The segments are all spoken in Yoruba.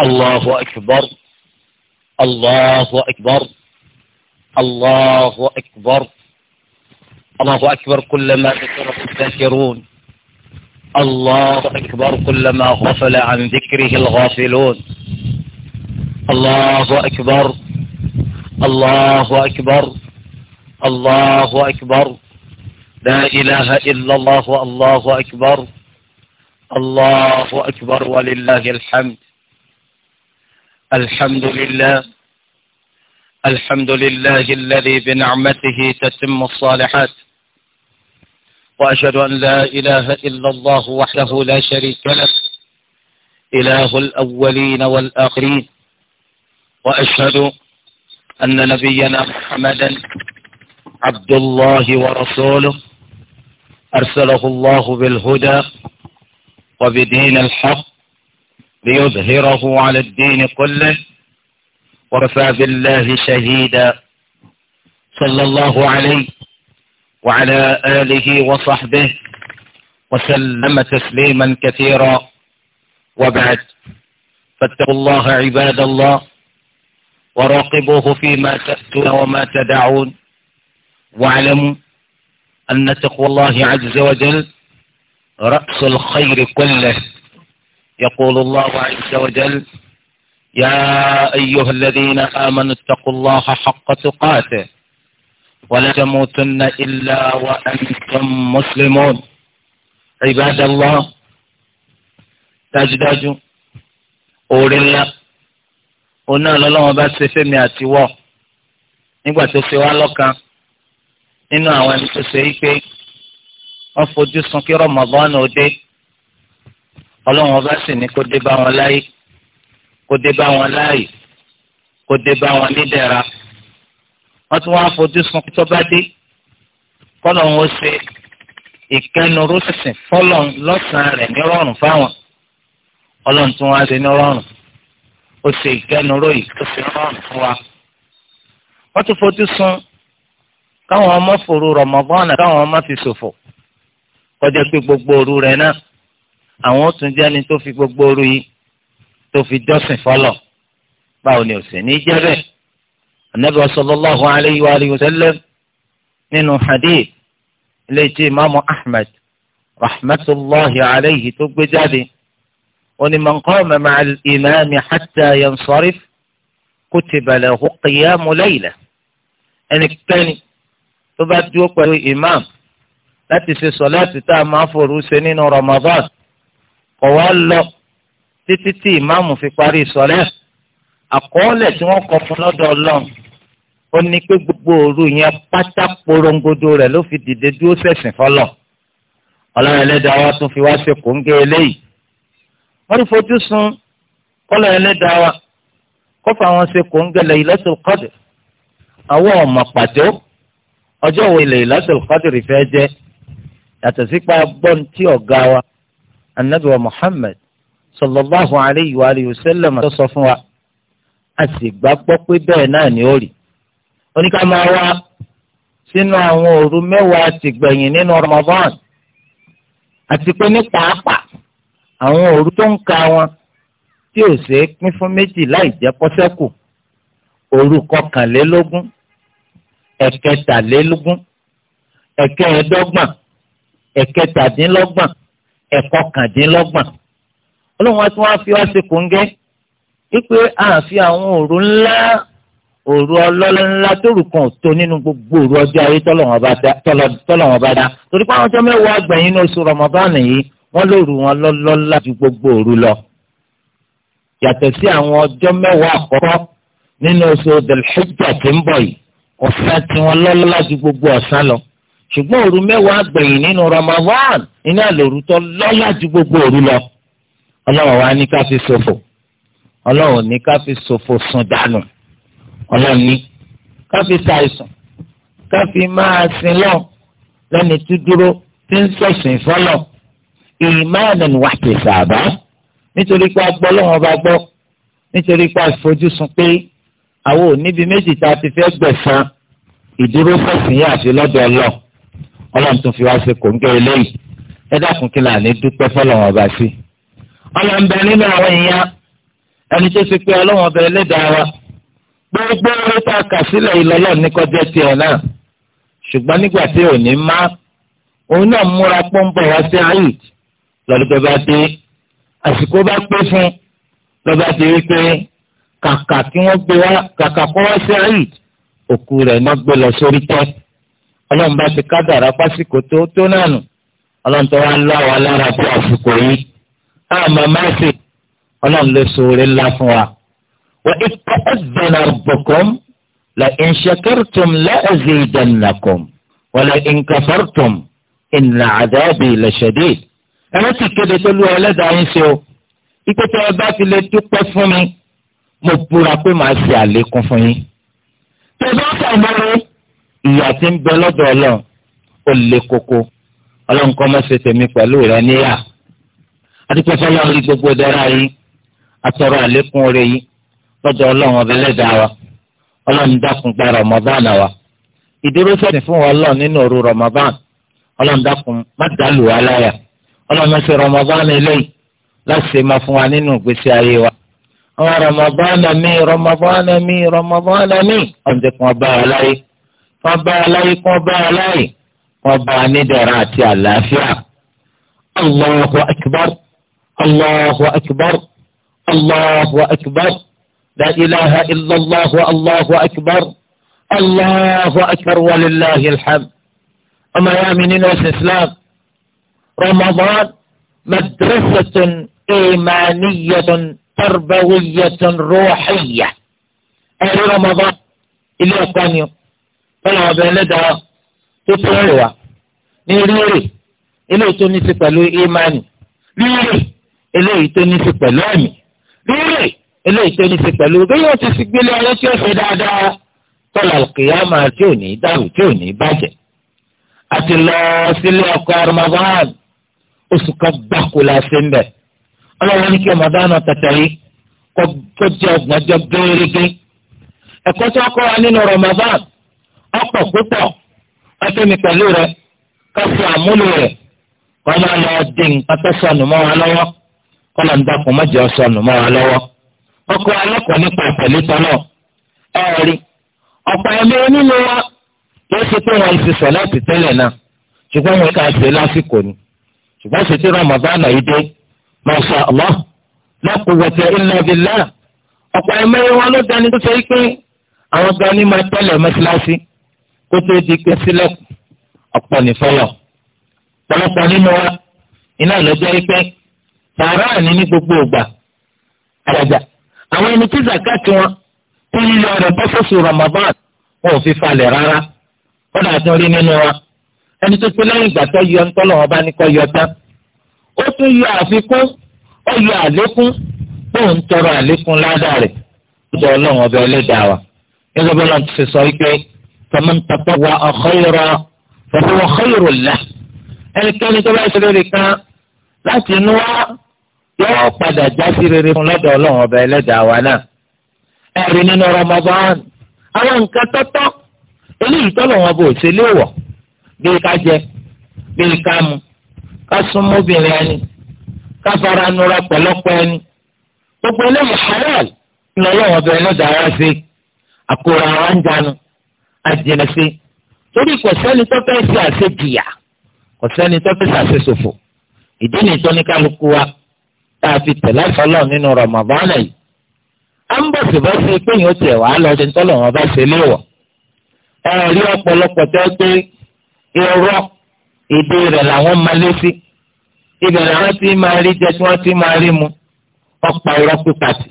الله أكبر الله أكبر الله أكبر الله أكبر كلما ذكره الذاكرون الله أكبر كلما غفل عن ذكره الغافلون الله أكبر الله أكبر الله أكبر لا إله إلا الله والله أكبر الله أكبر ولله الحمد الحمد لله الحمد لله الذي بنعمته تتم الصالحات وأشهد أن لا إله إلا الله وحده لا شريك له إله الأولين والآخرين وأشهد أن نبينا محمدا عبد الله ورسوله أرسله الله بالهدى وبدين الحق ليظهره على الدين كله ورفع بالله شهيدا صلى الله عليه وعلى آله وصحبه وسلم تسليما كثيرا وبعد فاتقوا الله عباد الله وراقبوه فيما تأتون وما تدعون واعلموا أن تقوى الله عز وجل رأس الخير كله يقول الله عز وجل يا أيها الذين آمنوا اتقوا الله حق تقاته ولا تموتن إلا وأنتم مسلمون عباد الله تجدج أول الله أنا لله بس في مئتي و نبغى تسوى لك إنه أولي تسيبي أفضل سنك رمضان وديك ọlọ́run ọba sì ní kó dé bá wọn láyé kó dé bá wọn láàyè kó dé bá wọn nídẹ̀ra wọ́n tún wá fojú sun tó bá dé kọ́lọ́run ó ṣe ìkẹnu rúṣìṣìn fọ́lọ́run lọ́sàn-án rẹ̀ ní rọrùn fáwọn ọlọ́run tún wá ṣe ní rọrùn ó ṣe ìkẹnu ròyìn tó ṣe rọrùn fún wa wọ́n tún fojú sun káwọn ọmọ fòru rọ̀mọ́gbọ́n náà káwọn ọmọ fi ṣòfò kọjá pé gbogbo òru rẹ̀ náà àwọn ó tún jẹ́ni tó fi gbogbo oru yìí tó fi jọ́sìn fọlọ̀ báwo ni òsè ní jẹ́ bẹ́ẹ̀ anabi sallallahu alayhi wa alihi wa sallam nínú hadith eléyìí tí imaamu ahmed rahmatulahi alayhi tó gbé jáde oni man qama ma'a al-imam hatta yansarif kutiba lahu qiyamu layla ẹnikẹ́ni tó bá dúró pẹ̀lú imam láti ṣe sọ̀láàtì tá a máa forú ṣe nínú ramadan kọ̀ wá lọ títí tí ìmáàmù fi parí sọ̀lẹ́ àkọọ́lẹ̀ tí wọ́n kọ fún lọ́dọ̀ ọlọ́run ó ní pé gbogbo òru yẹn pátá porongodo rẹ̀ ló fi dìde dúró sẹ̀sìn fọlọ̀ ọlọ́run ẹlẹ́dàá wa tún fi wá ṣe kòńgé eléyìí wọ́n ti fojú sun kọ́lọ̀ ẹlẹ́dàá wa kọ́fà wọn ṣe kòńgé Laylatul Qadr àwọn ọmọ pàtó ọjọ́ wo Laylatul Qadr fẹ́ jẹ́ yàtọ̀ sípa gbọ́n tí ọ̀gá wa anabi wa muhammed sallallahu alayhi wa alihi wa sallam tó sọ fún wa a sì gbàgbọ́ pé bẹ́ẹ̀ náà ni ó rí oníkà máa wá sínú àwọn òru mẹ́wàá ti gbẹ̀yìn nínú Ramadan àti pé ní pàápàá àwọn òru tó ń ka wọn tí ò ṣeé pín fún méjì láì jẹ́ kọ́sẹ́kù òru kọkànlélógún ẹ̀kẹtàlélógún ẹ̀kẹẹ̀ẹ́dọ́gbọ̀n ẹ̀kẹtàdínlọ́gbọ̀n ẹ̀kọ́ kàndínlọ́gbọ̀n ọlọ́run wa tí wọ́n á fi wá sí kòńgẹ́ wípé àfi àwọn òru ńlá òru ọlọ́lá ńlá tóru kan ò tó nínú gbogbo òru ọjọ́ ayé tọ́lọ́wọ́n bá dá torí pé àwọn ọjọ́ mẹ́wàá àgbẹ̀yìn ní oṣù Ramadan yìí wọ́n lóru wọn lọ́lọ́lá ju gbogbo òru lọ yàtọ̀ sí àwọn ọjọ́ mẹ́wàá àkọ́kọ́ nínú oṣù dhul tí ń bọ̀ yìí ọ̀sán tí wọ́n lọ́lọ́lá ju gbogbo ọ̀sán lọ ṣùgbọ́n òru mẹ́wàá gbẹ̀yìn nínú Ramadan iná lòru tó lọ́lá ju gbogbo òru lọ ọlọ́run wa ní ká fi ṣòfò ọlọ́run ní ká fi ṣòfò sùn dànù ọlọ́run ní ká fi ṣàìsàn ká fi máa sin lọ lẹ́ni tí dúró tí ń ṣẹ̀sìn fọ́lọ̀ ìmáàdàn wà ti sàbá nítorí pé a gbọ́ lọ́wọ́n bá gbọ́ nítorí pé a pé àwọn ò méjì tá a ti fẹ́ gbẹ̀san ìdúró fẹ̀sìn yà sí lọ́dọ̀ ọlọ́run ọlọ́run tún fi wá ṣe kòńgẹ́ eléyìí ẹ dákun kí làní dúpẹ́ fọlọ́wọ́n ọba sí. ọlọ́run bẹ nínú àwọn èèyàn ẹni tó ṣe pé ọlọ́run ọba ẹlẹ́dàá wa gbogbo orí tá a kà sílẹ̀ ìlọ́lọ́ ní kọjá tiẹ̀ náà ṣùgbọ́n nígbà tí ò ní má òun náà múra pọ́ńpọ̀ wá sí ayid lọ́dọ̀ bá dé àsìkò bá pé fún lọ́ba ti rí pé kàkà kí wọ́n gbé wá kàkà kọ́ wá sí ayid òkú rẹ̀ náà gbé lọ sórí tẹ́ẹ̀ ọlọ́run bá ti kádàrá pásíkò tó tó náà nù ọlọ́run tó wá ń lọ àwọn alára bí àsìkò yìí àmọ́ máa ṣe ọlọ́run lè sòwòrè ńlá fún wa. wà á ikọ́ ẹ̀dùnà bọ̀kọ́m la ìṣẹ́kẹ́rùtùm lẹ́ẹ̀zẹ̀ ìdánilàkọ́m wà la ìǹkàfẹ́rùtùm ìnà àdáàbì lẹ́ṣẹ̀dẹ̀. ẹ̀rọ ti kéde tó lu ẹlẹ́dàá yín ṣe o ikú tó ẹ bá fi lè dúpẹ́ fún mi mo búra pé màá ṣe àlékún fún yín. tẹ̀sán ìyá tí ń bẹ lọ́dọ̀ ọlọ́run ó le koko ọlọ́run kọ́ mọ́ ṣe tèmi pẹ̀lú rẹ níyà adúpẹ́ fọlọ́run rí gbogbo dára yìí atọrọ àlékún oore yìí lọ́dọ̀ ọlọ́run ọbẹ̀ lẹ́dàá wa ọlọ́run dákun gba Ramadan wa ìdúró sẹ́ni fún wa lọ nínú òru Ramadan ọlọ́run dákun má dàlù wa láyà ọlọ́run má ṣe Ramadan eléyìí láṣẹ máa fún wa nínú ìgbésí ayé wa àwọn Ramadan mi Ramadan mi Ramadan mi ọ̀njẹ̀kùn ọba wa kọba aláyé kọba ọba aláyé ọba anídẹ̀rẹ̀ àti àlàáfíà. Allahu akbar Allahu akbar Allahu akbar la ilaha illallah wa Allahu akbar Allahu akbar wa lillahi alhamd. ọmọ ya mi nínú ọ̀sẹ̀ Islam Ramadan madrasatun imaniyatun tarbawiyatun ruhiyya ẹ̀rí Ramadan ilé ẹ̀kọ́ ni o. fọlọ́ ọbẹ̀ ẹlẹ́dàá tó tẹ́rẹ̀ wá ní rírì eléyìí tó ní sí pẹ̀lú ìmánì rírì eléyìí tó ní sí pẹ̀lú ẹ̀mí rírì eléyìí tó ní sí pẹ̀lú bí yóò ti fi gbélé ayé tí ó ṣe dáadáa tọ́lá kìyàmà tí ò ní dàrú tí ò ní bàjẹ́ àti lọ sílé ọkọ armaban oṣù kan gbàkú la ṣe ń bẹ̀ ọlọ́run ní kí ọmọdánù tẹ̀tẹ̀ yìí kọjá ọgbọ̀njọ́ gẹ́gẹ́ ẹ̀kọ́ tó kọ́ wa nínú ramadan ọ̀pọ̀ púpọ̀ ọ̀tẹ́mi pẹ̀lú rẹ̀ káfí àmúlò rẹ̀ wọ́n máa lọ di nǹkan tó sọnù mọ́ wa lọ́wọ́ kọ́lọ̀ ń dákun mọ́jọ sọnù mọ́ wa lọ́wọ́ ọkọ alẹ́kọ̀ọ́ nípa pẹ̀lú tọ́lọ̀ ẹ̀rí ọ̀pọ̀ ẹ̀mí onílé wa ló ṣe pé wọ́n ti sọ̀ láti tẹ́lẹ̀ náà ṣùgbọ́n wọn kà ṣe lásìkò ni ṣùgbọ́n ṣe tí Ramadan yìí dé masha Allah la quwwata illa billah ọ̀pọ̀ ẹ̀mí wọn ló dání tó ṣe pé àwọn gan ni máa tẹ́lẹ̀ mọ́ṣáláṣí kó tó di pé sílẹ̀kùn ọ̀pọ̀ nìfọlọ̀ pọ̀lọpọ̀ nínú wa iná lọ́jọ́ pé tààrà ní ní gbogbo ògbà àjàjà àwọn ẹni tí zakati wọn tó yíyọ rẹ̀ pọ́fẹ́sì Ramadan wọn ò fi falẹ̀ rárá wọn náà tún rí nínú wa ẹni tó pé lẹ́yìn ìgbà tó yọ ńtọ́lọ̀ wọn bá ní kọ́ yọ tán ó tún yọ àfikún ó yọ àlékún tó ń tọrọ àlékún ládàá rẹ̀ lọ́dọ̀ ọlọ́run ọbẹ̀ ẹlẹ́dàá wa nígbà bọ́lá ti sọ wípé. فمن tatawwa'a خيرا فهو خير lahu ẹnikẹ́ni tó bá ṣe lórí kan láti inú wa yóò padà já sí rere fún lọ́dọ̀ ọlọ́run ọba ẹlẹ́dàá wa náà ẹ̀rí nínú Ramadan àwọn nǹkan tọ́tọ́ eléyìí tọ́lọ̀ wọn bò ṣe léèwọ̀ bíi ká jẹ bíi ká mu ká súnmọ́ ẹni ká fara nura pẹ̀lọ́pọ̀ ẹni gbogbo eléyìí halal ńlọ́lọ́wọ́ ọba ẹlẹ́dàá wa ṣe àkóràn àwọn ń jánu àjẹnà sí torí kò sẹ́ni tó fẹ́ ṣe àṣejìyà kò sẹ́ni tó fẹ́ ṣe ìdí ni ìtọ́ni kálukú wa tá a fi tẹ̀lé àfọlọ́ nínú Ramadan yìí à ń bọ̀ sí bá ṣe pé yóò tẹ̀ wá lọ ṣe ń tọ́lọ̀ wọn bá ṣe léwọ̀ ẹ rí ọ̀pọ̀lọpọ̀ tẹ́ irọ́ èdè rẹ̀ làwọn máa lé sí ibẹ̀ làwọn ti máa rí jẹ tí wọ́n ti máa rí mu ọ̀pá irọ́ pípa sí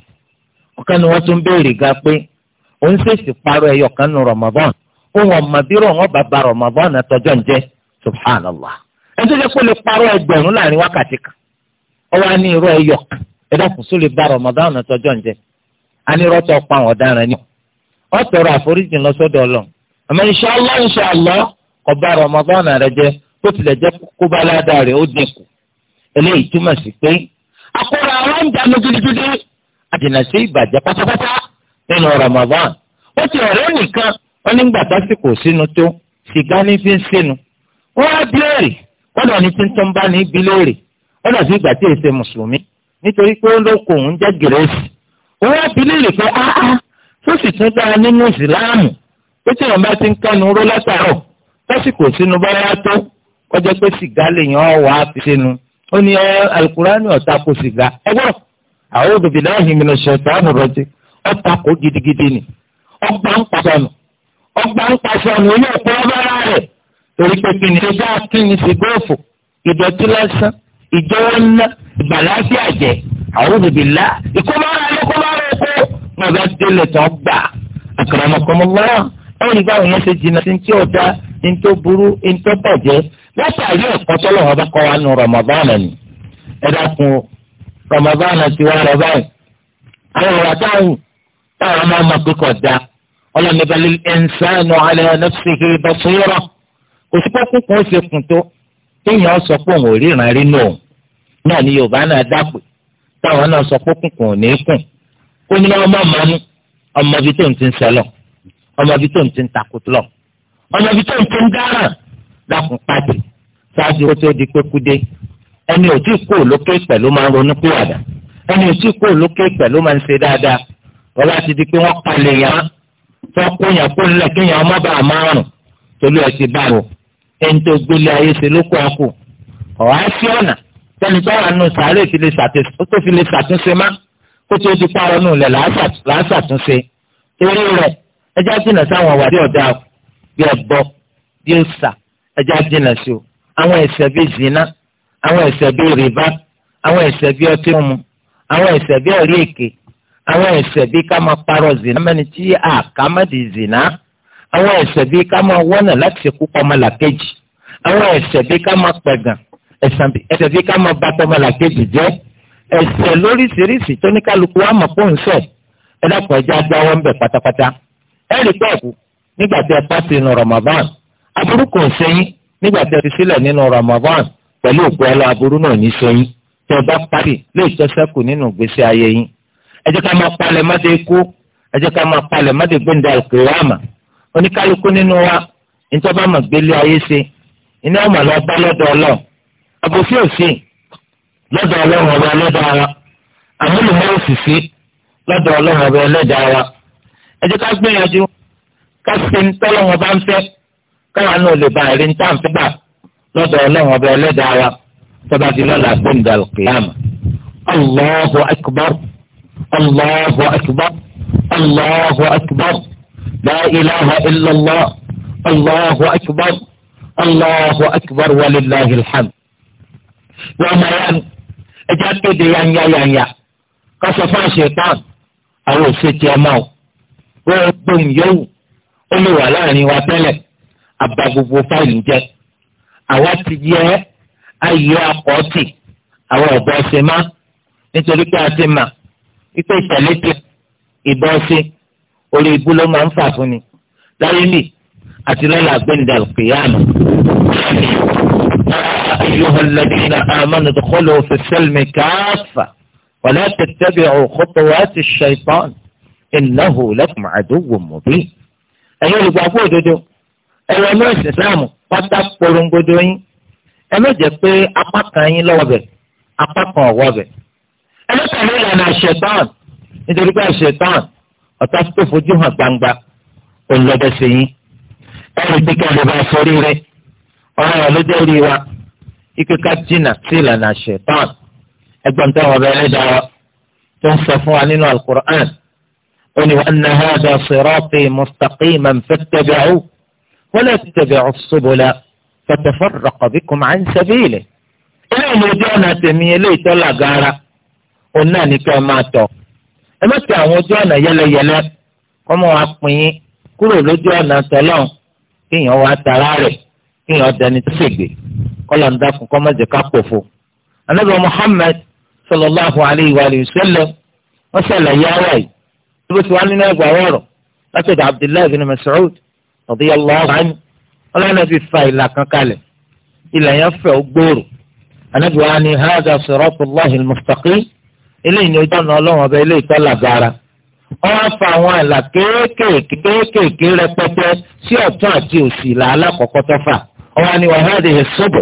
ọ̀kan ni wọ́n tún béèrè ga pé òun ṣèṣì parọ́ ẹyọ kan nù Ramadan ohun mabiru bí rọ̀ Ramadan àtọ́jọ́ ń subhanallah ẹni tó jẹ́ kó lè parọ́ ẹgbẹ̀rún láàrin wákàtí kan ọwọ́ á ní irọ́ ẹyọ kan ẹ lè Ramadan tó ni àforíjì lọ sọ́dọ̀ ọlọ́run àmọ́ inṣàlá jẹ́ kó tilẹ̀ kó bá ó dínkù eléyìí túmọ̀ sí pé àwọn ń wọ́n nígbà tásìkò sínú tó sìgá ní fi ń sínú wọ́n á bíléèrè kọ́dọ̀ ní tí ń tó ń bá ní bíléèrè kọ́dọ̀ sí ìgbà tí èyí ṣe mùsùlùmí nítorí pé ó lóko òun jẹ́ gẹ̀rẹ́sì wọ́n á bíléèrè pé áá ah, ah, tó sì tún dára nínú ìsìláàmù pé tí wọ́n bá ti ń kánu ró látàrọ̀ tásìkò sínú báyá tó kọjá pé sìgá lèèyàn wà á fi sínú ó ní alukurani ọ̀tá kó sìgá ẹgbọ́n àwọn òbí láàyè mi lọ ṣe ọ̀tá àmúrọ̀jẹ ọ̀tá kó gidigidi ni ọgbà ń pàṣẹ nù ọgbà ń paṣọ ọ̀nà ilé ọ̀pọ̀ ọ̀bára rẹ̀ torí pé kí ni ìjọba kí ni sìgóòfù ìdọ̀tí lásán ìjọwọ́ ńlá ìgbàláṣí àjẹ àwùjọ bìlá ìkọ́mọ́ra ló kọ́mọ́ra oko bàbá délẹ̀ tó gbà àkàràmọ̀kọ́mọ́lá ẹ̀rí báwọn yẹn ṣe jìnnà sí ti ọ̀dà ntó burú ntó bàjẹ́ látàrí ẹ̀kọ́ tọ́lọ́wọ́ bá kọ́ ọlọ́ni balẹ̀ ẹ̀ńsánù alẹ́ ẹ̀nàfíìkì bàtúrọ̀ kò sí pọ́kú kan ó ṣe kùn tó téèyàn sọ pé òun ò ríran rí nù náà ni yorùbá náà dápè táwọn náà sọ pé kùn kùn ò ní kùn kó ní ọmọ mọ́nú ọmọ ibi tó ń ti ń sẹlọ ọmọ ibi tó ń ti ń takùtùlọ ọmọ ibi tó ń ti ń dára dákun pàdé ṣáájú ó tó di pé ẹni ò tí kú lókè pẹ̀lú máa ń ronú pé wàdà ẹni ò tí kú lókè pẹ̀lú máa ń ṣe dáadáa wọ́n láti di pé wọ́n palẹ̀ yàn án tó ń kó yàn kó lẹ̀ kéèyàn ọmọ bá a márùn tolú ẹ̀ ti bá o ẹni tó gbélé ayé ṣe ló kó a kù ọ̀hà sí ọ̀nà tẹni tó wà nù sàárè fi lè ṣàtúnṣe má kó tó di pààrọ̀ nù lẹ̀ làásàtúnṣe torí rẹ̀ ẹjá jìnnà sáwọn ọ̀wà bí ọ̀dà bí ọ̀bọ bí ọ̀sà ẹjá jìnnà sí o àwọn ẹ̀ṣẹ̀ bí zina àwọn ẹ̀ṣẹ̀ bí rìbá àwọn ẹ̀ṣẹ̀ bí ọtí mu àwọn ẹ̀ṣẹ̀ bí ẹ̀rí èké àwọn ẹ̀ṣẹ̀ bíi ká máa parọ́ zina mẹ́ni tí a ká má di zina àwọn ẹ̀ṣẹ̀ bíi ká máa wọ́nà láti ṣekú pa ọmọlàkejì àwọn ẹ̀ṣẹ̀ bíi ká máa pẹ̀gàn ẹ̀ṣẹ̀ bíi ká máa bà ọmọlàkejì jẹ́ ẹ̀ṣẹ̀ lóríṣiríṣi tó ní kálukú wa mọ̀ fóun sẹ̀ ẹ dákun ẹjẹ́ agbá wọn bẹ̀ pátápátá ẹ rí pẹ́ẹ́kù nígbà tí ẹ pàṣẹ nínú Ramadan aburú kò ń sẹ́yìn nígbà tí ẹ fi sílẹ̀ nínú Ramadan pẹ̀lú òkú ẹ lọ aburú náà ní sẹ́yìn tí ẹ bá pàṣẹ lè tọ́sẹ́kù nínú ìgbésí ayé yín ẹ jẹ́ ká máa palẹ̀ mọ́dé kú ẹ jẹ́ ká máa palẹ̀ mọ́dé gbẹ̀ndà ìkìyàmà oníkálukú nínú wa nítorí bá mọ̀ gbélé ayé ṣe iná ọmọ lọ bá lọ́dọ̀ ọlọ́run àbòsí òsì lọ́dọ̀ ọlọ́run ọba lọ́dọ̀ ara àmúlùmọ́ òsìsì lọ́dọ̀ ọlọ́run ọba ẹlẹ́dàá ara ẹ jẹ́ ká gbìyànjú ká ṣe ń tọ́lọ́run ọba ń fẹ́ káwọn náà lè ba àrí ń tà lọ́dọ̀ ọlọ́run ọba ẹlẹ́dàá ara tọ́ba di lọ́la gbẹ̀ndà ìkìyàmà Allahu akbar. Allahu akbar Allahu akbar la ilaha illallah Allahu akbar Allahu akbar walillahi alhamd. wọ́n máa yá ni ẹja kéde yanya yanya kásọ̀ fún àṣetán àwọn òṣèjì ọmọ o wọ́n gbóhùn yẹ́wù ó lè wà láàrin wa tẹ́lẹ̀ àbá gbogbo fáìlì jẹ́ àwa ti yẹ ayé akọ́tì àwọn ọ̀bọ ṣe má nítorí pé a ti mà ipe ìtẹ̀lẹ́tẹ̀ ìbọ́sí orí ibú ló máa ń fà fún ni láyé lì àti lọ́la gbẹ̀ndà kìyàmù. أيها الذين آمنوا ادخلوا في السلم كافة ولا تتبعوا خطوات الشيطان إنه لكم عدو مبين ẹ̀yin olùgbàgbọ́ òdodo ẹ̀rọ ẹ̀mí ẹ̀sìn islam pátá porongodo yín ẹ má jẹ́ pé apá kan yín lọ́wọ́ bẹ̀ apá kan ọ̀wọ́ bẹ̀ ní ìlànà àṣetán nítorí pé àṣetán ọ̀tá tó fojú hàn gbangba olùlọ́dẹ̀sẹ̀ yín ẹ̀rù tí kẹ́lẹ́ bá sọrí rẹ ọ̀rọ̀ rẹ ló dé rí wa ike ká jìnnà sí ìlànà àṣetán ẹgbọ́n tó wọn bẹ ẹlẹ́dàá tó ń sọ fún wa nínú alukur'an ó ní wọn náà ha dà sirati mustaqiman fattabi'u wala tattabi'u subula fatafarraqa bikum an sabili eléyìí ló jẹ́ ọ̀nà tèmi eléyìí tó làgàrà. òun náà ní kí ẹ máa tọ̀ ẹ má tẹ àwọn ojú ọ̀nà yẹlẹyẹlẹ kọ́mọ wa pín yín kúrò lójú ọ̀nà tọ́lọ́n kéèyàn wá tara rẹ̀ kéèyàn dání tó ṣègbè kọ́lọ̀ ń dákun kọ́mọ jẹ ká pòfo. anábì Muhammad sallallahu alayhi wa sallam wọ́n ṣàlàyé ara yìí tí bó ti wá nínú ẹgbàá ọ̀rọ̀ látọ̀dọ̀ Abdullahi bin Mas'ud radiyallahu anhu ọlọ́run fi fa ìlà kan kalẹ̀ ìlà yẹn fẹ̀ ó gbòòrò anábì wa ni hadha siratullahi al-mustaqim eléyìí ni ojú ọ̀nà ọlọ́run ọba eléyìí tọ́ làgàrà wọ́n fa àwọn àlà kéékèèké kéékèèké rẹpẹtẹ sí ọ̀tún àti òsì là alákọ̀ọ́kọ́ tó fà ọwọ́ ni wọ́n hẹ́ẹ̀dì ìṣòbò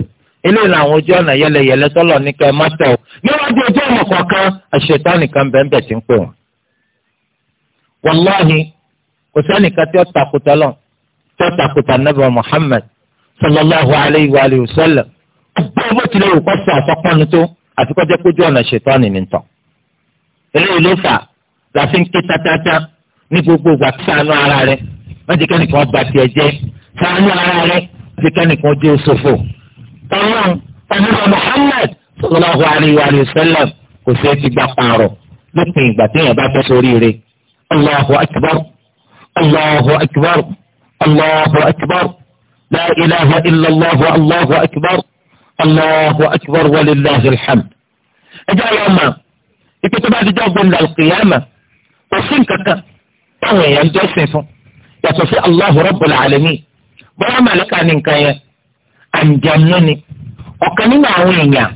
eléyìí làwọn ojú ọ̀nà yẹlẹyẹlẹ tọ́lọ̀ ní kẹ́ mọ́tẹ́ o níwájú ojú ọ̀nà kọ̀ọ̀kan àṣetán nìkan bẹ́ẹ̀ ti ń pè wọ́n. wàláhi kò sẹ́nìkan tí ó takùtà lọ tí ó takùtà Muhammad sallallahu alayhi wa sallam gbogbo bó tilẹ̀ òkọ́ sí àsọpọ́nu tó àfikọ́jẹ́ kójú ọ̀nà ṣetán eléyìí ló fà láti ń ké tátátá ní gbogbo ìgbà ṣàánú ara rẹ wọ́n ti kẹ́nìkan ọba tiẹ̀ jẹ́ ṣàánú ara rẹ wọ́n ti kẹ́nìkan jẹ́ òṣòfò. ọlọ́run ọ̀nàmọ̀ Muhammad sallallahu aríwá wa sallam kò sí ti gba pààrọ̀ lópin ìgbà tí èèyàn bá fẹ́ ṣoríire. ọlọ́hu akibar ọlọ́hu akibar ọlọ́hu akibar láì ilaha illallah ọlọ́hu ọlọ́hu akibar ọlọ́hu akibar lillahi alhamd. ẹ jẹ́ ike tó bá di jọ́ gbẹ̀ndà kìyàmà kò sí nǹkan kan táwọn èèyàn jọ́sìn fún yàtọ̀ sí Allahu Rabbul Alamin bọ́lá màlẹ́kà ní nǹkan yẹn àǹjàmú ni ọ̀kan nínú àwọn èèyàn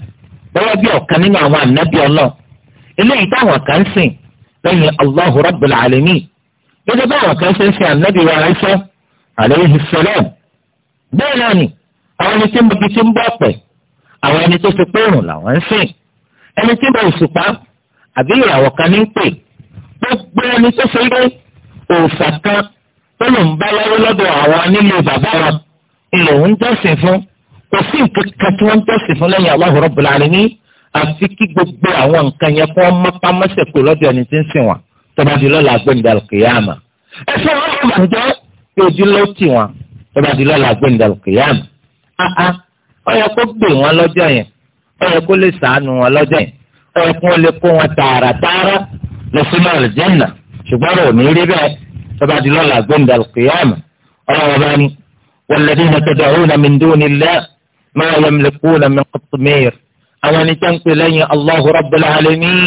bọ́lá bí ọ̀kan nínú àwọn ànábì ọlọ́ọ̀ eléyìí táwọn kan sìn lẹ́yìn Allahu Rabbul Alamin gẹ́gẹ́ báwọn kan ṣe ń ànábì wa ránṣẹ́ alayhi salam bẹ́ẹ̀ náà ni àwọn ẹni tí mo fi ti ń bọ̀ pẹ̀ àwọn ẹni tó ti pé òrùn làwọn ń sìn ẹni tí mo sì pa àbí ìyàwó kan ní pè gbogbo ẹni tó fi rí òòfà kan tó lò ń bá láyé lọ́dọ̀ àwọn nílé bàbá wọn ìlò ń jọ́sìn fún kò sí nǹkan kan tí wọ́n ń jọ́sìn fún lẹ́yìn Allahu Rabbul Alamin àti kí gbogbo àwọn nǹkan yẹn kó wọ́n má pamọ́sẹ̀ kó lọ́dọ̀ ẹni tí ń sìn wọn tó bá di lọ́la gbẹ̀ndàlù kìyàmà ẹ fẹ́ wọn kò máa jẹ́ wọn tó bá ẹ kún lè kó wọn tààràtààrà lọ sínú àlùjẹ́nà ṣùgbọ́n rò ní rí bẹ́ẹ̀ tọ́ba di lọ́la gbẹ̀ndà kìyàmù ọlọ́wọ́ bá ní walladhina tad'una min dunillahi ma yamlikuna min qitmir àwọn ẹni tẹ́ ń pè lẹ́yìn Allahu Rabbul Alamin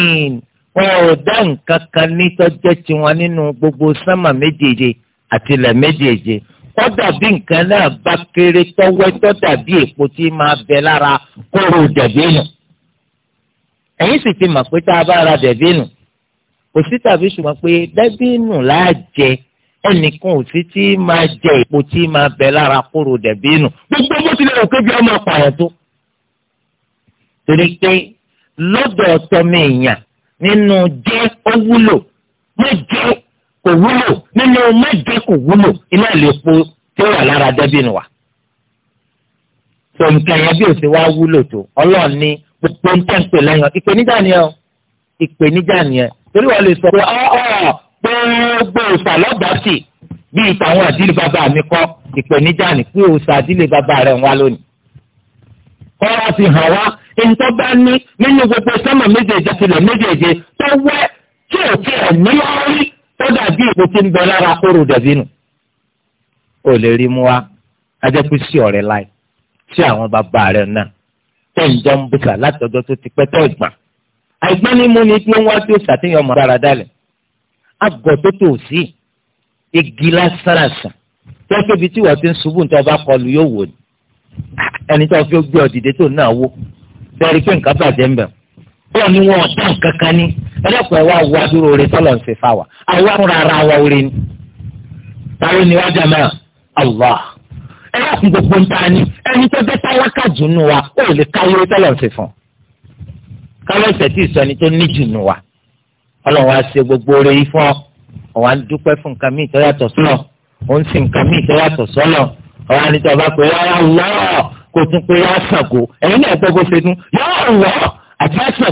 wọn ò dá nǹkan kan nítọ́jẹ́ tiwọn nínú gbogbo sámà méjèèje àtìlẹ̀ méjèèje ó dàbí nǹkan náà bá kéré tọ́wẹ́ dàbí èpo tí máa bẹ lára kóró dàbí èèyàn ẹ̀yin sì ti mọ̀ pé tá a bá ra dẹ̀bínù kò sí tàbí ṣùgbọ́n pé dẹ̀bínù láà jẹ ẹnìkan ò sí tí máa jẹ èpo tí máa bẹ lára kóró dẹ̀bínù gbogbo bó tilẹ̀ rò kébi ọmọ pààyàn tó. torí pé lọ́dọ̀ ọ̀tọ́mọ èèyàn nínú jẹ́ ó wúlò má jẹ́ kò wúlò nínú má jẹ́ kò wúlò iná lè po tí ó wà lára dẹ̀bínù wa. tòǹkà yẹn bí ó ṣe wá wúlò tó ọlọ́ọ̀ni gbogbo ń tẹ̀ ń pè lẹ́yìn ìpèníjà nìyẹn o ìpèníjà nìyẹn torí wọ́n lè sọ pé ọ́ gbogbo ìsàlọ́gbàsì bíi ìtàwọn àdílé bàbá mi kọ́ ìpèníjà ní pé òòsà àdílé bàbá rẹ̀ wá lónìí. kọ́ra ti hàn wá ìtọ́ bá ní nínú gbogbo sọ́mọ̀ méjèèjì tilẹ̀ méjèèjì tó wẹ́ tí ò tí ẹ̀ ní lọ́rí tó dàbí ìpò tí ń bẹ lára kóró dẹ̀bí nù. ò lè rí mu wá ajẹ́pẹ́ sí ọ̀rẹ́ láì sí àwọn bàbá rẹ̀ náà tẹ̀yìn jọ ń bùsà látọjọ́ tó ti pẹ́ tọ́ ìgbà àìgbọ́n ní mú ni tí wọ́n wá sí òòsà tí yọ̀ọ́ mọ̀ dára dálẹ̀ àgọ́ tó tò sí igi lásán àsàn tó kébi tí wọ́n ti ń ṣubú nítorí ọba kọlu yóò wò ni ẹni tó fi gbé ọdìdẹ tó náà wó bẹ́ẹ̀ rí pé nǹkan bàjẹ́ ń bẹ̀ wọ́n ní wọn ọ̀dà nǹkan kan ní ẹlẹ́kọ̀ọ́ ẹ̀ wá wá dúró rẹ tọ́lọ̀ ń ṣe fáwà àwa ń ra ara wa orin ni táwọn ni wájà mẹ́rin Allah ẹ fún gbogbo ń ta ni ẹni tó dé tálákà jù nù wa ó lè káwé tọ́lọ̀ ń fún un káwé tí ìsọ ẹni tó ní jù gbogbo rẹ̀ yìí fún ọ ọ̀wá ń dúpẹ́ fún nǹkan míì tó yàtọ̀ sọ́lọ̀ ó ń sin nǹkan míì tó yàtọ̀ sọ́lọ̀ ọ̀wá ni tọ́ba pé yàrá lọ́ kó tún pé yàrá sàgó ẹ̀yin náà yàrá àti yàrá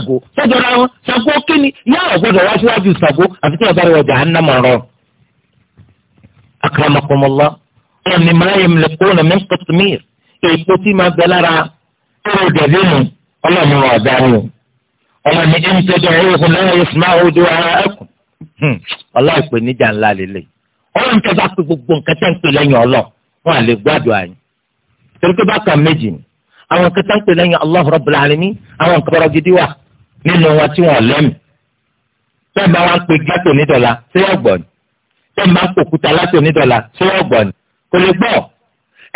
sàgó ẹni máa yẹ mìlẹ̀kùn ọ̀nà mẹ́kọ̀tìmír èpo tí máa bẹ lára ẹ̀rọ dẹ̀bí mu ọlọ́ni wà ọ̀dà ni o ọlọ́ni ẹ̀ ń tẹ́jọ́ ẹ̀rọ̀kùn náà yóò fún àwọn ojú ara ẹ̀kùn ọlọ́ọ̀pẹ̀ níjà ńlá lélẹ̀ ọlọ́ni tẹ́ bá pé gbogbo nǹkan tẹ́ ń pè lẹ́yìn ọlọ́ wọn à lè gbádùn àyìn torí pé bákan méjì ni àwọn nǹkan tẹ́ ń pè lẹ́yìn Allah Rabbul Alamin kò lè gbọ́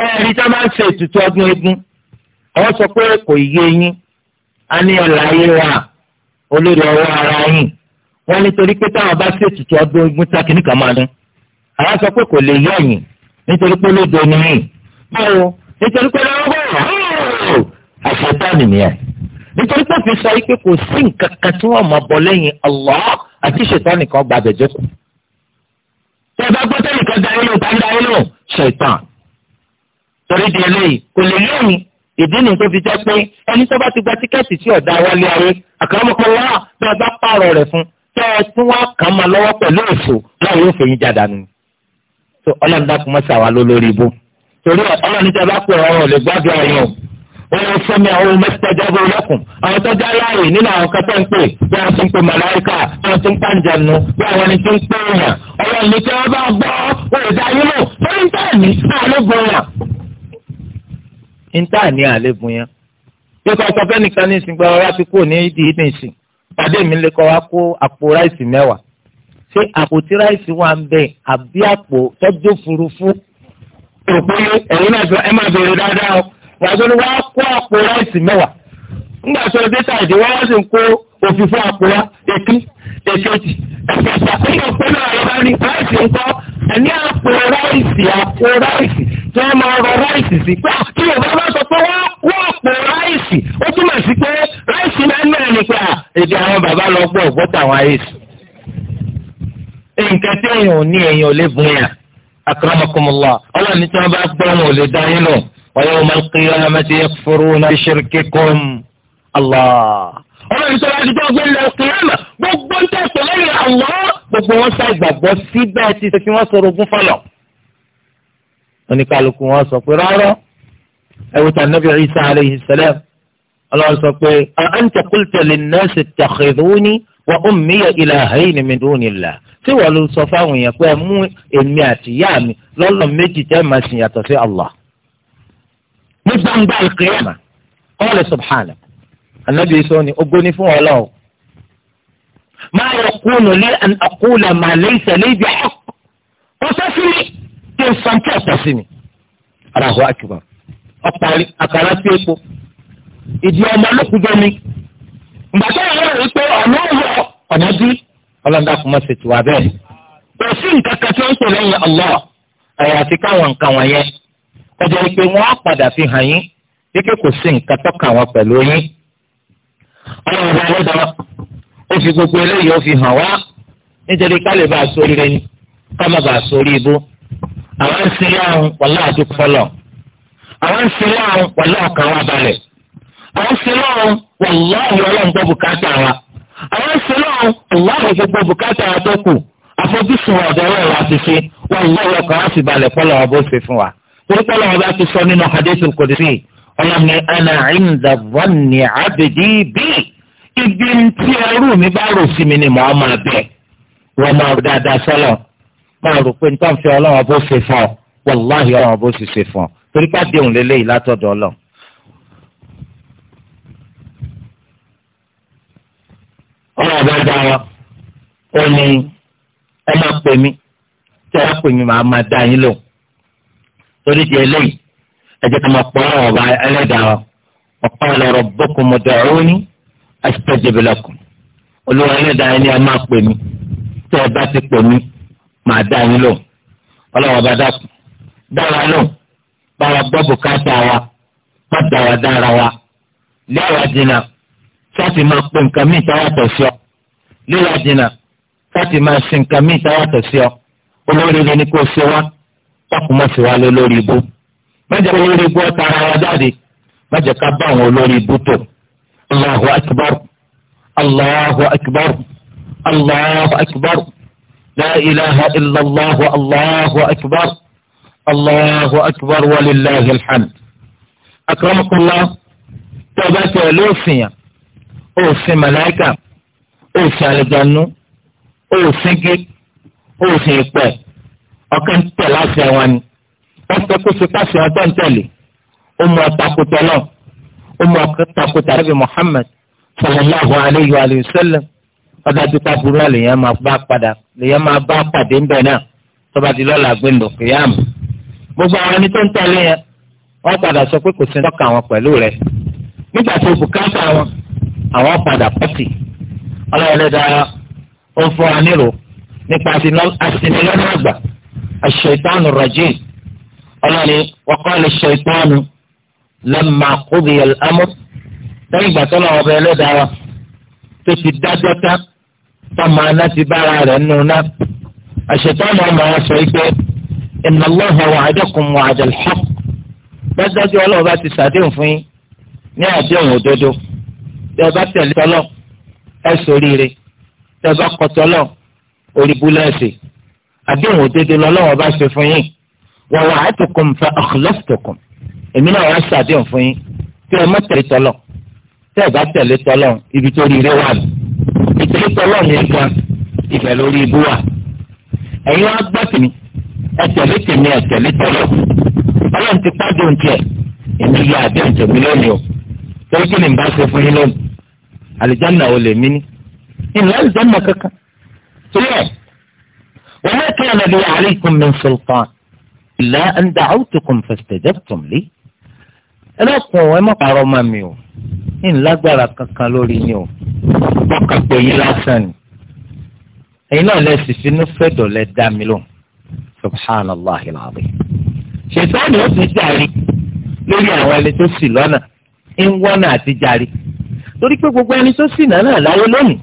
ẹ̀rí tá a máa ń ṣe ètùtù ọdún eégún àwọn sọ pé kò yé yín a ní ọ̀la ayé wa olórí ọwọ́ ara yín wọ́n nítorí pé táwọn bá ṣe ètùtù ọdún eégún tá kìnnìkà máa dún àwọn sọ pé kò lè yé ẹ̀yìn nítorí pé olódo ni yín báwo nítorí pé lọ́wọ́ àṣetá nìyẹn nítorí pé òfin sọ yìí pé kò sí nǹkan kan tí wọ́n máa bọ̀ lẹ́yìn Allah àti ṣètọ́ nìkan gbàgbẹ́ tẹ́gbà gbọ́tẹ́ nìkan da inú ta ń da inú ṣẹ̀tàn. torí di eléyìí kò lè lóyún ìdí nìyí tó fi jẹ́ pé ẹni tó bá ti gba tíkẹ́ẹ̀tì tí ọ̀dà wálé ayé àkàràmọ́kọ́ wá bí wọ́n bá pààrọ̀ rẹ̀ fún tẹ́ ẹ tí wọ́n kàn máa lọ́wọ́ pẹ̀lú èso láwọn yóò fẹ̀yìn jáde nù. tó ọlọ́run dákun mọ́ sàwá lólórí ibú torí ọlọ́run níta bá pè ọ́ ọ̀ lè gbádùn ọ̀yàn wọn sọmi àwọn ọmọ ẹsẹjáde ọlọkùn àwọn tó dá láàyè nínú àwọn kẹtọ ń pè bí wọn ti ń pè màláìka bí wọn ti ń pàǹjànù bí àwọn ẹni ti ń pè yàn Ọlọ́run ní kí wọn bá gbọ́ wọn ò dá yín lò fún ìtàní àlébùn yàn. ìtàní àlébùn yàn yóò kọ́ sọfẹ́ nìkan ní ìsìnkú ọ̀rọ̀ láti kú ní ìdí ìdí ìsìn pàdé mi lè kọ́ wa kó àpò ráìsì mẹ́wàá ẹ̀yin náà ẹ máa bèrè dáadáa wàá sọ ni wàá kó àpò ráìsì mẹ́wàá ńgbà sọ ni dẹ́ta ìdí wọ́n sì ń kó òfin fún àpò wa èké èkejì ẹ̀fẹ̀fà ẹ̀yìn òpinnu àwọn bá ní ráìsì ńkọ́ ẹ̀ní àpò ráìsì àpò ráìsì tí wọ́n máa rọ ráìsì sí pé ah, kí Yorùbá bá sọ pé wọ́n kó àpò ráìsì ó túmọ̀ sí ah, èdè àwọn bàbá lọ gbọ́ ọ̀gbọ́tà àwọn ayéṣù. nǹkan tí èèyàn ò ní èèyàn ò lè bùn yàn akramakumullah ọlọ́run ní tí wọ́n bá gbọ́ wọn ò lè dá yín lọ ويوم القيامة يكفرون بشرككم الله ọlọ́run tó wájú tó gbélé ọ̀kìyàmà gbogbo ń tẹ̀sọ̀ lẹ́yìn àwọ̀ gbogbo wọn ṣàgbàgbọ́ síbẹ̀ tí ṣe fi wọ́n sọ̀rọ̀ ogun fọlọ̀. oníkàlùkù wọn sọ pé rárá ẹwù tà nàbì Isa alayhi salam ọlọ́run sọ pé anta qulta linnasi ittakhidhuni wa ummiya ilahayni min dunillah tí wọ́n lọ sọ fáwọn èèyàn pé mú èmi àtìyá mi lọ́lọ́ méjì tẹ́ máa sìn yàtọ̀ sí Allah ní gbangba ìkìyàmà qala subhana anabi sọ ni ogo ni fún Ọlọ́run ma yakunu li an aqula ma laysa li bihaqq ó sọ fún mi kí n san tí ọ̀tọ̀ sí mi Allahu akbar ọ̀parí àkàrà sí epo ìdí ọmọ lókùjọ mi gbàtà ìwé rẹ̀ pé ọ̀nà ọ̀yọ́ ọ̀nà bí ọlọ́dà kò má ṣètò abẹ́ kò sí nǹkan kan tí ń pè lẹ́yìn Allah ọjọ́ ìpè wọn padà fi hàn yín wípé kò sí nǹkan tọ́ka wọn pẹ̀lú yín. ọlọ́run bá lọ́dọ̀ ó fi gbogbo eléyìí ó fi hàn wá nítorí bá a sórí rẹ ni àwọn ń sinmi àrùn àwọn wa àwọn ń sinmi àrùn pọ̀lá ọ̀rọ̀ gbọ́ bùkátà wa àwọn ń sinmi àrùn pọ̀lá ọ̀rọ̀ gbọ́ bùkátà wa tó kù àfojúsùn ọ̀dọ́ ọ̀rọ̀ wa ti ṣe wọ́n ń lọ́wọ́ sì balẹ̀ torípọ́lọ́ ọba ti sọ nínú hadithul qudsi ọlọ́ni ana inda dhanni abidi bi ibi tí ẹrú mi bá rò sí mi ni màá máa bẹ̀ wọ́n máa rò dáadáa sọ́lọ̀ máa rò pé nítorí fẹ́ ọlọ́wọ́ bó ṣe bó bá dá wa ó ní tí dá yín torí di eléyìí ẹ jẹ́ ká máa pọ̀ ọ́ ọba ẹlẹ́dàá wa ọ̀pọ̀ ọ̀lọ́rọ̀ bọ́kù mọ̀dọ̀ ọ̀hún astajib lakum olúwa ẹlẹ́dàá ẹni ẹ máa pè mí tó ọba ti pè mí máa dá yín lò ọlọ́wọ́ bá dákun dára lò báwa gbọ́ bùkátà wa má dára dára wa léwà dínà sáàtì máa pè nǹkan mí ìtawà tọ̀ sí ọ léwà dínà sáàtì máa ṣe nǹkan mí ìtawà tọ̀ sí ọ olórí ni kò ṣe wá dákun má sì wá lé lórí ibú má jẹ́ kó lórí ibú ọ̀tá ara wa jáde má jẹ́ ká bá àwọn olórí ibú tó allahu akbar allahu akbar allahu akbar la ilaha illallah allahu akbar allahu akbar walillahi alhamd akramakullah tó o bá yàn òfin màláìkà òfin àlejànú òfin gé òfin ìpẹ́ ọkàn tẹ̀ láti ẹ̀wọ̀n ni wọ́n fẹ́ kó ṣe pàṣẹ ọjọ́ ń tẹ̀lé ó mú ọtakùtà náà ó mú ọtakùtà rẹ̀ bí Muhammad sallallahu alayhi wa sallam ọ̀dà dúpọ̀ burú náà lèyàn máa bá padà lèyàn máa bá pàdé ńbẹ náà tọ́ba di lọ́la gbẹ̀ndọ̀ kìyàm gbogbo àwọn ẹni tó ń tẹ̀lé yẹn wọ́n padà sọ pé kò sí tọ́ka wọn pẹ̀lú rẹ̀ nígbà tó bùkátà wọn àwọn padà pọ́tì ọlọ́run lẹ́dàá ó fún wa nírò nípa asinilọ́nà àgbà الشيطان الرجيم قال وقال الشيطان لما قضي الأمر تنبع طلع بلدها تتدادة فما نتبع لأنه الشيطان ما يسعيك إن الله وعدكم وعد الحق dájúdájú ọlọ́run bá ti sàdéhùn fún yín ní àdéhùn òdodo tí ẹ bá tẹ̀lé tọ́lọ̀ ẹ àdéhùn òdodo lọ́lọ́wọ́ bá ṣe fún yín wa wa'adtukum fa akhlaftukum èmi náà wá ṣàdéhùn fún yín tí ẹ má tẹ̀lé tọ́lọ̀ tí ẹ bá tẹ̀lé tọ́lọ̀ ibi tó rí ire wà ní ìtẹ̀lé tọ́lọ̀ yẹn gan ibẹ̀ lórí ibú wà ẹ̀yin wá gbọ́ tèmi ẹ tẹ̀lé tèmi ẹ tẹ̀lé tọ́lọ̀ ọlọ́run ti pàdé oúnjẹ èmi yá àdéhùn tèmi lónìí lónìí وما كان لي عليكم من سلطان إلا أن دعوتكم فاستجبتم لي ẹlẹ́kùn ọ̀wọ́ ẹ má parọ́ ọmọ mi o ní lágbára kankan lórí yín o ọkàn pé yín lásán ni ẹ̀yin náà lẹ́sì sínú fẹ́dọ̀ lẹ́ dá mi lò subhanallah ilàbí. ṣètọ́nù ó ti jàre lórí àwọn ẹni tó sì lọ́nà ń wọ́nà àti jàre torí pé gbogbo ẹni tó sì náà náà láyé lónìí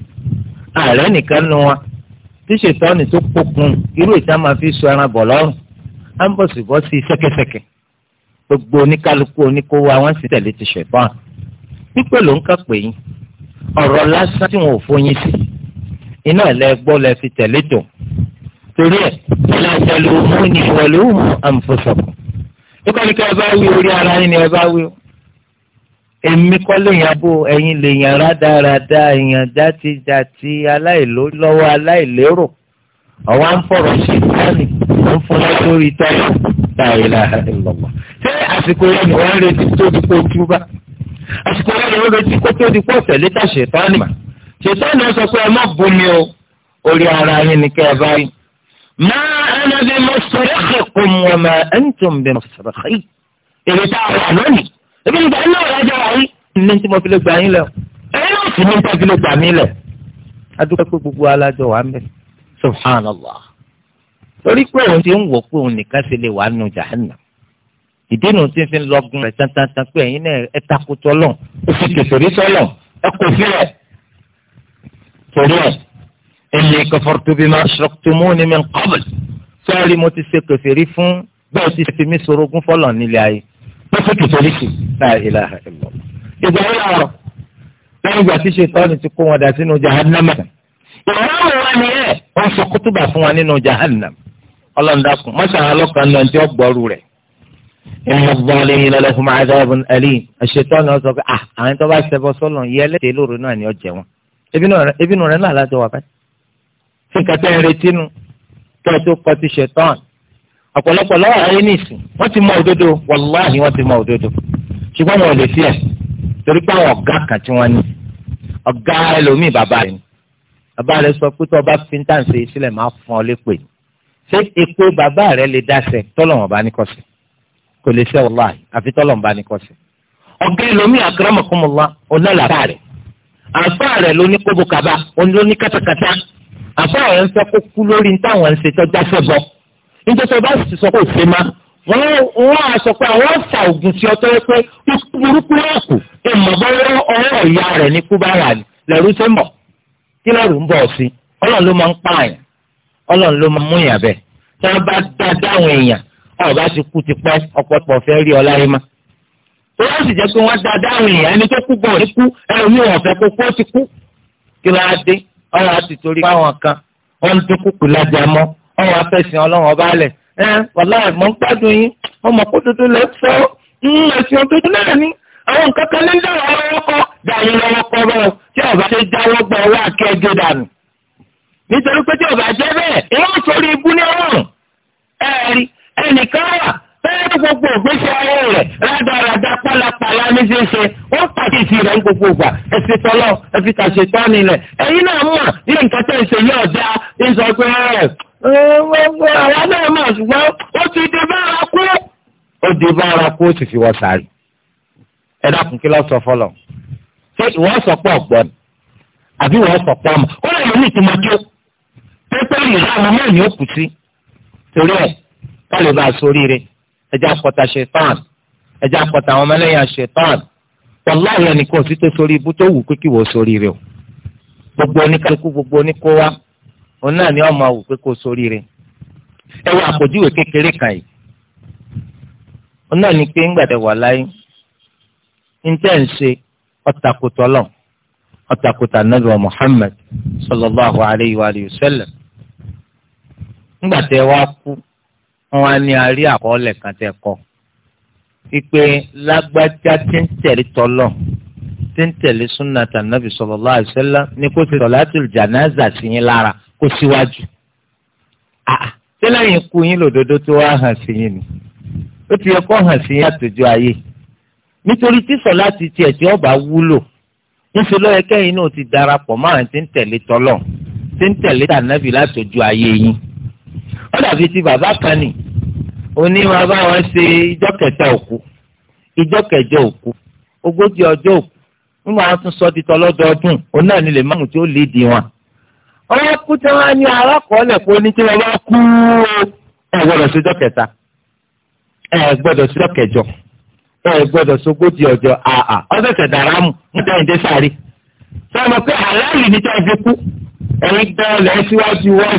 ààrẹ nìkan nu wọn tí ṣètọ́ni tó kókun irú ìta máa fi so ẹran bọ̀ lọ́rùn á ń bọ̀sibọ́ sí ṣẹ́kẹ́ṣẹkẹ̀ gbogbo oníkálukú oníkówó àwọn sì tẹ̀lé ti ṣẹ̀fọ́n pípẹ́ ló ń kà pé yín ọ̀rọ̀ lásán tí wọn ò fọyín sí iná ẹ̀lẹ́gbọ́ lẹ fi tẹ̀lé tó torí ẹ̀ ìlàjẹ̀ ló mú ni ìwọ̀lú àǹfọ̀sọ̀kù nípa ní ká ẹ bá wí orí ara ni ẹ bá wí o èmi kọ́ lèèyàn bò ẹ̀yin lèèyàn rádaràda èèyàn dátidàti aláìlólọ́wọ́ aláìlérò ọ̀wá ń fọ̀rọ̀ ṣe fúnni ń fúnni lórí tọ́lá láì láì lọ́wọ́. ṣé àsìkò yẹn ni wọ́n retí tó di kó tú bá àsìkò yẹn ni wọ́n retí kó tó di kó tẹ̀lé tà ṣètọ́nì mà ṣètọ́nì sọ pé ẹ má bomi o orí ara yín ni kẹ́ ẹ bá rí. máa ẹnẹ́bí mọ̀ sọ̀rọ̀ kẹ́kọ̀ọ́ mọ̀ máa ẹ̀ ń tún bí mọ̀ sọ̀rọ̀ ebi nígbà yín náà lájọ wáyé ní tí mo fi lè gbà yín lẹ ẹ̀yin náà sì ní tí mo fi lè gbà mí lẹ. adúgbò pé gbogbo alájọ wà mẹ subhanallah torí pé òun ti ń wò pé òun nìkan ṣe lè wà nù jahannam ìdí nu tí n fi lọgun rẹ tantantan pé ẹ̀yin náà ẹ takutọ lọ ó fi kẹsìrì sọlọ ẹ kò sílẹ̀ torí ẹ inni kafartu bima ashraktumuni min qabl sọọri mo ti ṣe kẹsìrì fún bẹ́ẹ̀ ti fi mí sorogún fọlọ nílé ayé sí kìtọ́líkì láì ilaha illallah. ìgbà wọn lọ lẹ́yìn ìgbà tí ṣètọ́ni ti kó wọn dà sínú jahannama. ìwọ́n wà ní ẹ̀ wọ́n sọ kútùbà fún wa nínú jahannam. ọlọ́ndàkùn mọ́ṣáà ọlọ́kan náà ti ọgbọ́rù rẹ̀. ìmọ̀ bọ́ọ̀lì yìí lọ́lẹ́kùn máa dábùn alim. ṣètọ́ni ọ sọ pé à ah, àwọn tó bá ṣẹbọ sọ́nà yẹlẹ́tẹ̀ lóru ọ̀pọ̀lọpọ̀ lọ́wọ́ ayé nìsín wọ́n ti mọ òdodo wàláhì wọ́n ti mọ òdodo ṣùgbọ́n wọn ò lè fi ẹ̀ torí pé àwọn ọ̀gá kan tí wọ́n ní ọ̀gá ẹlòmíì bàbá rẹ̀ ni bàbá rẹ̀ sọ pé tó ọba fi ń tàǹsẹ̀ sílẹ̀ máa fún ọ lépè ni ṣé èpè bàbá rẹ̀ lè dáṣẹ tọ́lọ̀wọ̀n bá ní kọ́sẹ̀ kò lè ṣe wàláhì àfi tọ́lọ̀wọ̀n bá ní kọ́sẹ̀ ọ̀gá ẹlòmíì àkàràmọ̀kọ́mọ̀lá onílàbà rẹ̀ àfa rẹ̀ ló ní kóbókàbá ló ní kátakátá nítorí ọba sì sọ pé òfin má wọ́n wọ́n á sọ pé àwọn fa oògùn tí ọtọ́ pé burúkú náà kù ìmọ̀bọ́wọ́ ọ̀rọ̀ ìyá rẹ̀ ní kúbára ni lẹ́rú tó mọ̀ kí lẹ́rù ń bọ̀ sí ọlọ́run ló máa ń pààyàn ọlọ́run ló máa ń mú èèyàn bẹ́ẹ̀ tí wọ́n bá dá dáhùn èèyàn ọba ti kú ti pẹ́ ọ̀pọ̀pọ̀ fẹ́ rí ọlá rí ma tó wọ́n sì jẹ́ pé wọ́n dá dáhùn èèyàn ẹni tó kú bọ̀ ní kú ẹni wọn fẹ́ kó kó ti kú kí ló ọ̀run afẹ́sìn ọlọ́run ọba alẹ̀ ẹ wàlá ẹ̀mọ́ ń gbádùn yín ọmọ kó tuntun lẹ fọ́ ẹ̀sìn ọdún náà ni àwọn nǹkan kan ní dáwọ́ ọlọ́wọ́kọ́ dàrú lọ́wọ́kọ́ bẹ́ẹ̀ tí ọba ṣe jáwọ́ gbọ́ ọwọ́ akẹ́gẹ́ dànù nítorí pé tí ọba jẹ́ bẹ́ẹ̀ ìwọ́n sọ̀rọ̀ ibú ní ọ̀run ẹ̀rí ẹnìkan wà bẹ́ẹ̀ ni gbogbo ògbésí ayé rẹ̀ rádaràda pálapàla ní ṣeéṣe wọ́n pàkíyèsí rẹ̀ ní gbogbo ògbà ẹ̀sìn tọ́lọ́ ẹ̀sìn tàṣetọ́ nílẹ̀ ẹ̀yin náà mọ̀ ní nǹkan tẹ̀ ń ṣe yí ọ̀dà ń sọ pé àwa náà mọ̀ ṣùgbọ́n ó ti di bára kú ó di bára kú ó sì fi wọ́n sáré ẹ dákun kí lọ sọ fọlọ ṣé ìwọ́n sọ pọ̀ gbọ́ ni àbí ìwọ́n sọ pọ̀ mọ̀ ó lè lómi ìtumọ̀ jó pépé ìlànà mẹ́rin ó kù sí torí ẹ̀ kálí bá a sóríire. ẹjẹ akọta ṣetán ẹjẹ akọta àwọn ọmọlẹ́yìn ṣetán wàláhì ẹnìkan sí tó sórí ibú tó wù pé kí sórí rẹ o gbogbo gbogbo oníkó wa òun náà ni wọn máa wù pé kó sórí rẹ ẹ wọ àpòjúwe kékeré kan yìí òun ni pé ńgbàdẹ wà láyé ń ṣe ọ̀tàkùtọ̀ lọ ọ̀tàkùtà wa wa wọn á ní àárí àkọọ́lẹ̀ kan tẹ kọ ipe lágbájá tí ń tẹ̀lé tọ́lọ̀ tí ń tẹ̀lé sunnata nabi sallallahu alaihi wasallam ni kó ti salatul janaza sí yín lára kó síwájú. ṣé lẹ́yìn ikú yín lòdodo tó wá hàn sí yín ni ó ti yẹ kó hàn sí yín àtòjú ayé nítorí tí sọlá ti tiẹ̀ tí ọba wúlò níṣẹ́ lọ́yẹ kẹ́yìn náà ti darapọ̀ márùn ń tẹ̀lé tọ́lọ̀ tí ń tẹ̀lé tànàbì látòjú ayé yín. ó dàbí ti bàbá kan ni òní máa bá wọn ṣe ijọ́ kẹta òkú ijọ́ kẹjọ òkú ogójì ọjọ́ òkú nígbà wọn tún sọ ti tọlọ́dọọdún òun náà ni lè máàmù tí ó lè dì wọn. ọ̀rọ̀ kú tí wọ́n á ní ní tí gbọ́dọ̀ kẹta ẹ gbọ́dọ̀ gbọ́dọ̀ ọjọ́ àà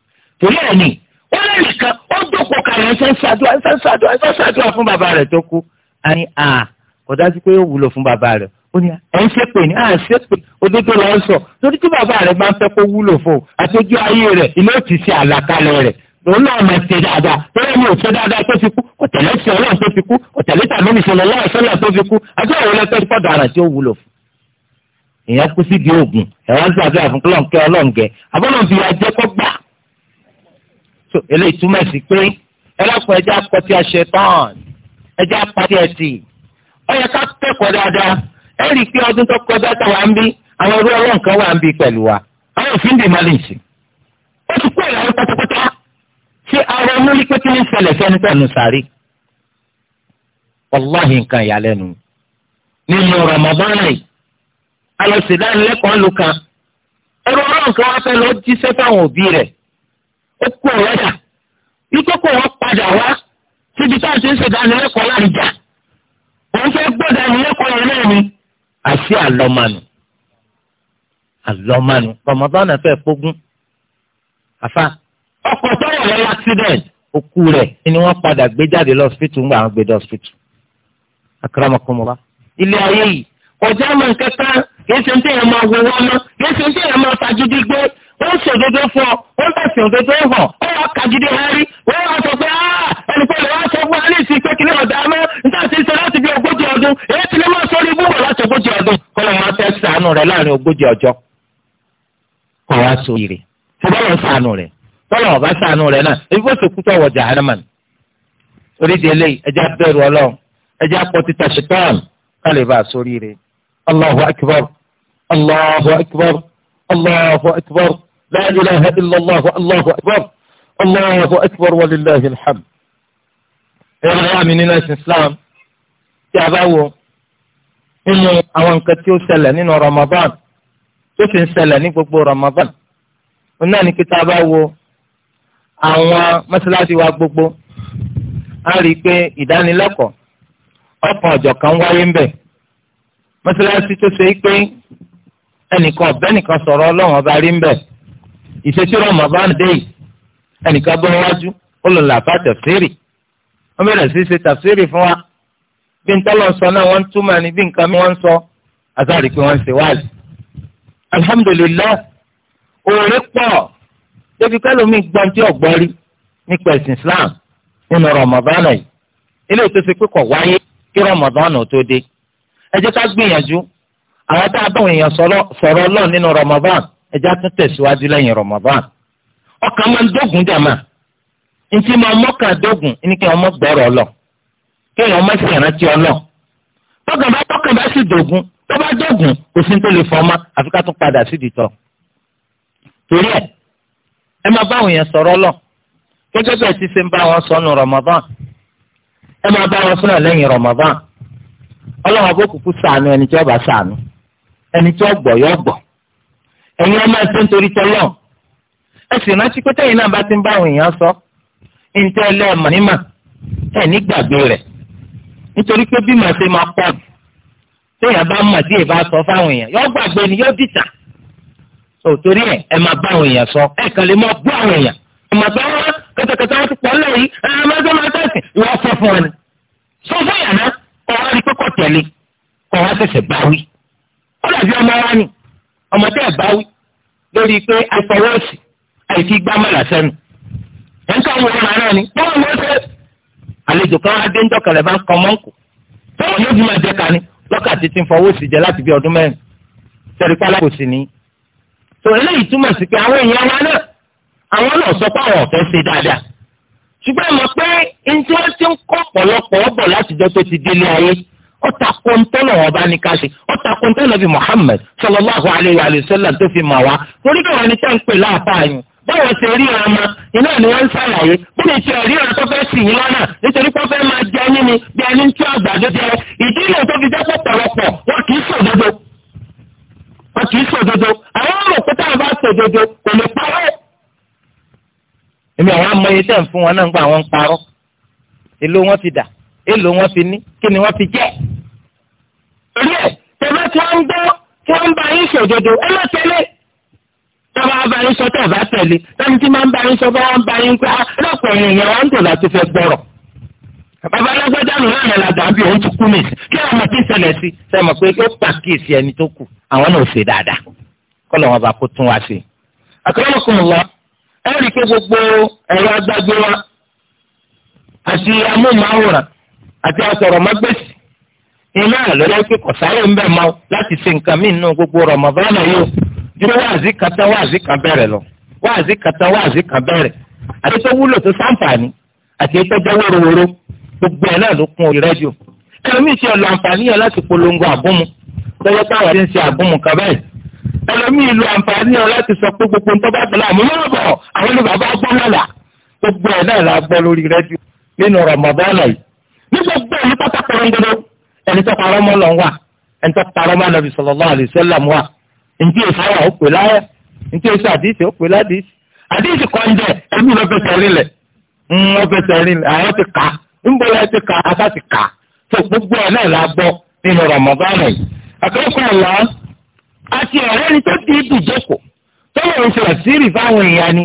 torí ẹ̀ ni ó lẹ́yìn kan ó dòkò kàrọ̀ ẹ̀ṣẹ̀ ń ṣàdúrà ẹ̀ṣẹ̀ ń ṣàdúrà ẹ̀ṣẹ̀ ń ṣàdúrà fún bàbá rẹ̀ tó kú àní à kò dájú pé ó wúlò fún bàbá rẹ̀ ó ní à ń ṣépè ní à ń ṣépè òdodo lọ sọ torí tí bàbá rẹ̀ bá ń fẹ́ kó wúlò fún un àtọ́jú ayé rẹ̀ ilé ti ṣe àlàkalẹ̀ rẹ̀ lòun náà máa ṣe dáadáa lórí mi ò ṣe dáadáa tó fi kú ọ̀tẹ̀lẹ̀ sí ọlọ́run tó fi kú ọ̀tẹ̀lẹ̀ tàbí ìṣẹ̀lẹ̀ ọlọ́run sọ́lá tó fi kú àti àwọn ọlọ́tọ́ ti pọ̀dọ̀ àrà tí ó wúlò fún. èèyàn kú sí di oògùn ẹ̀wọ́n ń ṣàdúrà fún kọ́lọ́ǹkẹ́ ọlọ́ǹgẹ̀ abọ́lọ́ǹfìyà jẹ́ kó gbá so eléyìí túmọ̀ sí pé ẹlọ́pàá ẹja pọtí àṣetán ẹja pàtí ẹtì ó yẹ ká kẹ́kọ̀ọ́ dáadáa ẹ rí i pé ọdún tó kọjá tá wà ń bí àwọn ọdún ọlọ́run kan wà ń bí pẹ̀lú wa àwọn òfin dè má lè ṣe ó ti kó ìlànà pátápátá ṣé ara múlí pé kí ní ṣẹlẹ̀ fẹ́ni pẹ̀lú sàárè wàláhì nǹkan ìyàlẹ́nu nínú Ramadan yìí alọ́sídánilẹ́kọ̀ọ́ lù kan ẹ̀rọ ọlọ́run kan wá fẹ́ lọ jíṣẹ́ fáwọn òbí rẹ̀ ó kú ọ̀rẹ́dà ikú kò wọ́n padà wá síbi tá a ti ń ṣèdánilẹ́kọ̀ọ́ láàrúdà òun fẹ́ gbọ́dọ̀ ìlẹ́kọ̀ọ́ yẹn náà ni àfi àlọ́mànù àlọ́mànù rọmọdọ́nà fẹ́ pógún àfa ọkọ̀ tó wà lọ́wọ́ accident òkú rẹ̀ ni wọ́n padà gbé jáde lọ hospital ńgbà àwọn gbé dé hospital akaramakomoba ilé ayé yìí ọjà máa ń kẹta kìí ń tẹ̀yẹ̀ máa wọ wọn mọ́ kìí ṣe ń tẹ̀yẹ̀ máa fagídí ó ṣòdodo fún ọ ó lẹ̀sìn òdodo hàn ó wà kagídé hárí ó wà sọ pé ẹnì kan lè wá sọ fún alẹ́ ìsìn pé kìnìún ọ̀dà mọ́ níta ti sọ láti fi ogójì ọdún èyí ti lè má sọ orí búbọ̀ láti ogójì ọdún kọ́ ló máa fẹ́ sànù rẹ̀ láàrin ogójì ọjọ́ kọ́ wá so ire ṣe bọ́lọ̀ sànù rẹ̀ bọ́lọ̀ ọ̀bá sànù rẹ̀ náà ebi bó ṣe kú tọ̀wọ̀ jahanaman oríṣi eléyìí ẹja bẹ̀rù ọlọ́run ẹja pọ̀ ti tàṣetán kálí bá a sórí rẹ̀ Allahu akbar Allahu akbar Allahu akbar la ilaha illallah allahu akbar allahu akbar walillahi alhamd. ẹ̀rọ ayá mi nínú ẹ̀sìn islam tí a bá wo nínú àwọn nǹkan tí ó ṣẹlẹ̀ nínú ramadan tó sì ń ṣẹlẹ̀ ní gbogbo ramadan òun náà ní kí tá a bá wo àwọn mọ́ṣáláṣí wa gbogbo a rí i pé ìdánilẹ́kọ̀ọ́ ọ̀kan ọ̀jọ̀kan wáyé ń bẹ̀ mọ́ṣáláṣí tó ṣe é pé ẹnìkan ọ̀bẹ́nìkan sọ̀rọ̀ ọlọ́run ọba rí ń bẹ̀ ìṣesí Ramadan dé yìí ẹnìkan bọ́ wájú ó lọ làbá tafsiri wọ́n bẹ̀rẹ̀ sí ṣe tafsiri fún wa bí nǹkan lọ sọ náà wọ́n túmọ̀ ní bí nǹkan wọ́n sọ àtàrí pé wọ́n ṣe wáàlì. alhamdulillah òòrè pọ̀ débi kálómi gbọ́n tí ọ̀gbọ́n rí nípa ẹ̀sìn Islam nínú Ramadan yìí eléyìí tó ṣe pé kọ̀ wáyé kí Ramadan tó dé ẹ jẹ́ ká gbìyànjú àwọn tá a bá èèyàn sọ̀rọ̀ lọ nínú Ramadan ẹja tún tẹ̀síwájú lẹ́yìn Ramadan ọkàn máa ń dógùn jàmá ntí máa mọ́kà dógùn ní kí ọmọ gbọ́rọ̀ lọ kí ọmọ sì rántí ọlọ tọkàn bá tọkàn bá sì dógùn tó bá dógùn kò sí tó lè fọmọ àfi ká tún padà sí ìdìtọ̀ torí ẹ ẹ máa bá àwọn èèyàn sọ̀rọ̀ lọ gẹ́gẹ́ bẹ́ẹ̀ ti ṣe ń bá wọn sọ nù Ramadan ẹ máa bá wọn sọ̀rọ̀ lẹ́yìn Ramadan ọlọ́run abókùkù ṣàánú ẹni tí ó bá ṣàánú ẹni tí ó gbọ́ yóò gbọ́ ẹ̀yin ọmọ ẹsẹ̀ nítorí tọ́lọ̀ ẹ sì rántí pé tẹ̀yin náà bá ti ń bá àwọn èèyàn sọ ntẹ́ ẹlẹ́ẹ̀mọ̀ nímà ẹ̀ nígbàgbé rẹ̀ nítorí pé bí màá ṣe máa pọ̀ tẹ̀yìn bá mọ̀ tí èèbá sọ fáwọn èèyàn yóò gbàgbé ni yóò dìtà so torí ẹ̀ ẹ máa bá àwọn èèyàn sọ ẹ̀ kàn lè máa bú àwọn èèyàn ọmọ tó wá kẹtẹkẹtẹ wọn ti pọ̀ lẹ́yìn ẹ̀ ẹ̀ máa tó máa tẹ̀sí ìwọ lórí pé àìfọwọ́sì àìfi gbámọ̀lá sẹ́nu. ẹ̀ ń kọ́ àwọn ọmọ náà ni báwo ló ṣe. àlejò kan adé ń dọ̀kẹ̀lẹ̀ bá ń kọ́ mọ́ǹkù. báwo ló fi máa jẹ ká ní lọ́kàtí ti ń fọwọ́sì jẹ láti bí ọdún mẹ́rin. sẹ́rí pálá kò sí ní. tó eléyìí túmọ̀ sí pé àwọn èèyàn wa náà àwọn náà sọ pé àwọn ọ̀fẹ́ ṣe dáadáa. ṣùgbọ́n mo pé njẹ́ ti ń kọ́ ọ̀pọ̀lọpọ̀ ọ̀tà kọ́ńtọ́lọ̀ ọba ní ká ṣe ọ̀tà kọ́ńtọ́lọ̀ bíi Muhammad sallallahu alayhi wa sallam tó fi mà wá torí báwọn ní tẹ́ ń pè láàbáyìn báwo ṣe rí ọ̀rọ̀ ma iná ni wọ́n ń ṣàlàyé bí lè ṣe rí ọ̀rọ̀ tó fẹ́ sì yín lọ́nà nítorí pé ó fẹ́ máa jẹ yín ni bí ẹni ń tú àgbàdo jẹ ìdí ìlú tó fi jẹ́ pọ̀pọ̀lọpọ̀ wọn kì í ṣòdodo wọn kì í ṣòdodo àwọn ọmọ òkúta bá ṣòdodo kò torí ẹ̀ tẹ̀lé tí wọ́n ń gbọ́ tí wọ́n ń bá yín ṣòdodo ẹ má tẹ̀lé tọ́ba bá yín sọ tẹ̀ bá tẹ̀lé tẹ́ni tí máa ń bá yín sọ bá wọ́n bá yín pé ah, lọ́pọ̀ èèyàn wọn ń láti fẹ́ gbọ́rọ̀ bàbá alágbádá nù náà la dàbí òun ti kú ní kí àwọn ọmọ tí ń ṣẹlẹ̀ sí ṣe mọ̀ pé ó pàkíyèsí ẹni tó kù àwọn náà ò ṣe dáadáa kọ́ lọ́wọ́ bá kó tún wá sí i. àkàràmọ̀kùn lọ ẹ rí i pé gbogbo ẹ̀rọ agbágbé wa àti amóhùnmáwòrán àti asọ̀rọ̀mágbèsì iná àlọ́lẹ́ pé kọ̀sáyé ń bẹ̀ mọ́ láti ṣe nǹkan mí nínú gbogbo Ramadan yìí dúró wáàzí kata wáàzí kan bẹ̀rẹ̀ lọ wáàzí kata wáàzí kan bẹ̀rẹ̀ àti tó wúlò tó sáǹfààní àti tó jẹ́ wórówóró gbogbo ẹ̀ náà ló kún orí rẹ́díò ẹlòmíì ti ọ̀lọ́ àǹfààní yẹn láti polongo àbúmu lọ́wọ́ táwọn ti ń ṣe àbúmu kan báyìí ẹlòmíì lo àǹfààní yẹn láti sọ pé gbogbo nǹkan bá gbọ́ la gbọ́ lórí rẹ́díò nínú Ramadan yìí ní ẹni tó parọ́ mọ́ lọ́n wà ẹni tó parọ́ mọ́ anabi sallallahu alaihi wasallam wà ntí èsì àwọn òpè láyẹ ntí èsì àdìsí òpè ládìsí àdìsí kọ́ńdẹ̀ ẹbí ló fẹsẹ̀ rinlẹ̀ ló fẹsẹ̀ rinlẹ̀ àwọn ti kà ńbọ̀ yẹn ti kà àṣà ti kà tó gbogbo ẹ̀ náà la gbọ́ nínú rọmọgánà yìí akẹ́kọ̀ọ́ ọ̀la àti ọ̀rẹ́ ni tó di ibùjókòó tó lè ṣe àṣírí fáwọn èèyàn ni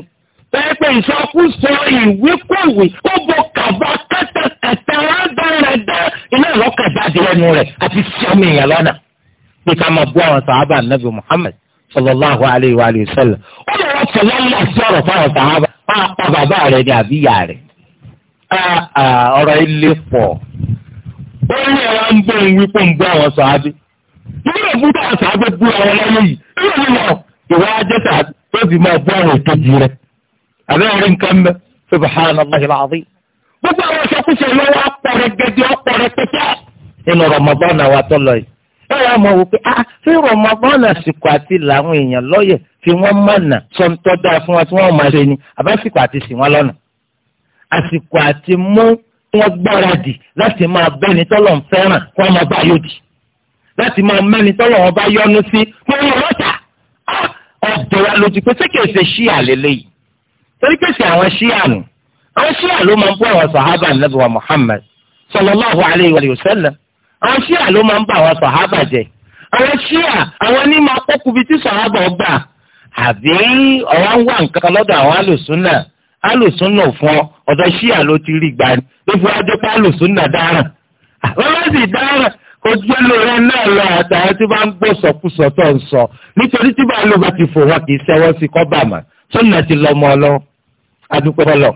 pẹ́ẹ́pẹ́ ìṣọ́kú sọ ìwé kọ̀wé kó bo kàbá kẹ́tẹ̀kẹ́tẹ́ dáadáa iná lọ́kàn jáde lẹ́nu rẹ̀ àti sọmi èèyàn lọ́nà pé ká máa bú àwọn sàhábà nàbì Muhammad sallallahu alayhi wa sallam ó lè wọ́n tẹ̀lé ńlá sí ọ̀rọ̀ fáwọn sàhábà pa bàbá rẹ̀ ní àbíyá rẹ̀ ọ̀rọ̀ ilé pọ̀ ó ní ẹ̀rọ ń bọ̀ ń wípé ń bú àwọn sàhábà ìwé ìbúdó àwọn sàhábà bú àwọn lẹ́yìn yìí ìwé ìlọ ìwé ajé sàhábà tó fi máa bú àwọn ètò jù rẹ̀ àbẹ́rẹ́ nǹkan mẹ́ subhanallahi alazim gbogbo àwọn ìṣàkóso yẹn wá pọ̀rẹ́ gẹ́gẹ́ ọ̀pọ̀rẹ́ pẹ́pẹ́ nínú rọmọbọ́nà wa tó lọ yìí ẹ wàá mọ̀ wípé ah fi rọmọbọ́nà sìkò àti làwọn èèyàn lọ́yẹ̀ fi wọ́n mọ̀nà sọ́ńtọ́ dáa fún wọn tí wọ́n máa ṣe ni àbásìkò àti ṣì wọ́n lọ́nà àsìkò àti mú wọn gbáradì láti máa bẹ́ni tọ́lọ̀ ń fẹ́ràn kí wọ́n máa bá yóò dì láti máa mẹ́ni tọ́lọ̀ wọn bá yọ́nú sí pé wọ́n lọ́tà ah, ọ̀dọ̀ wa lójú pé sékèèsè ṣíà lélẹ́yìí torí pèsè àwọn ṣíà nù àwọn ṣíà ló máa ń bú àwọn sàhábà nàbì wa Muhammad sallallahu alayhi wa sallam àwọn ṣíà ló máa ń bá àwọn sàhábà jẹ àwọn ṣíà àwọn ní máa kókù bíi tí sàhábà ọgbà àbí ọ̀wá ń wà nǹkan lọ́dọ̀ àwọn alùsùnà alùsùnà fún ọ ọ̀dọ̀ ṣíà ló ti rí gbani ló fi wá jẹ́ pé alùsùnà dáràn àwọn ọlọ́sì dáràn ojúlóore náà lọ àtàwọn tí bá ń sọkúsọ tó ń sọ nítorí tí bá ló bá ti fò wọn kì í sẹ́wọ́ sí kọ́ bàmà sọ́nà ti lọ́mọ ọlọ́ adúpẹ́ bọ́lọ̀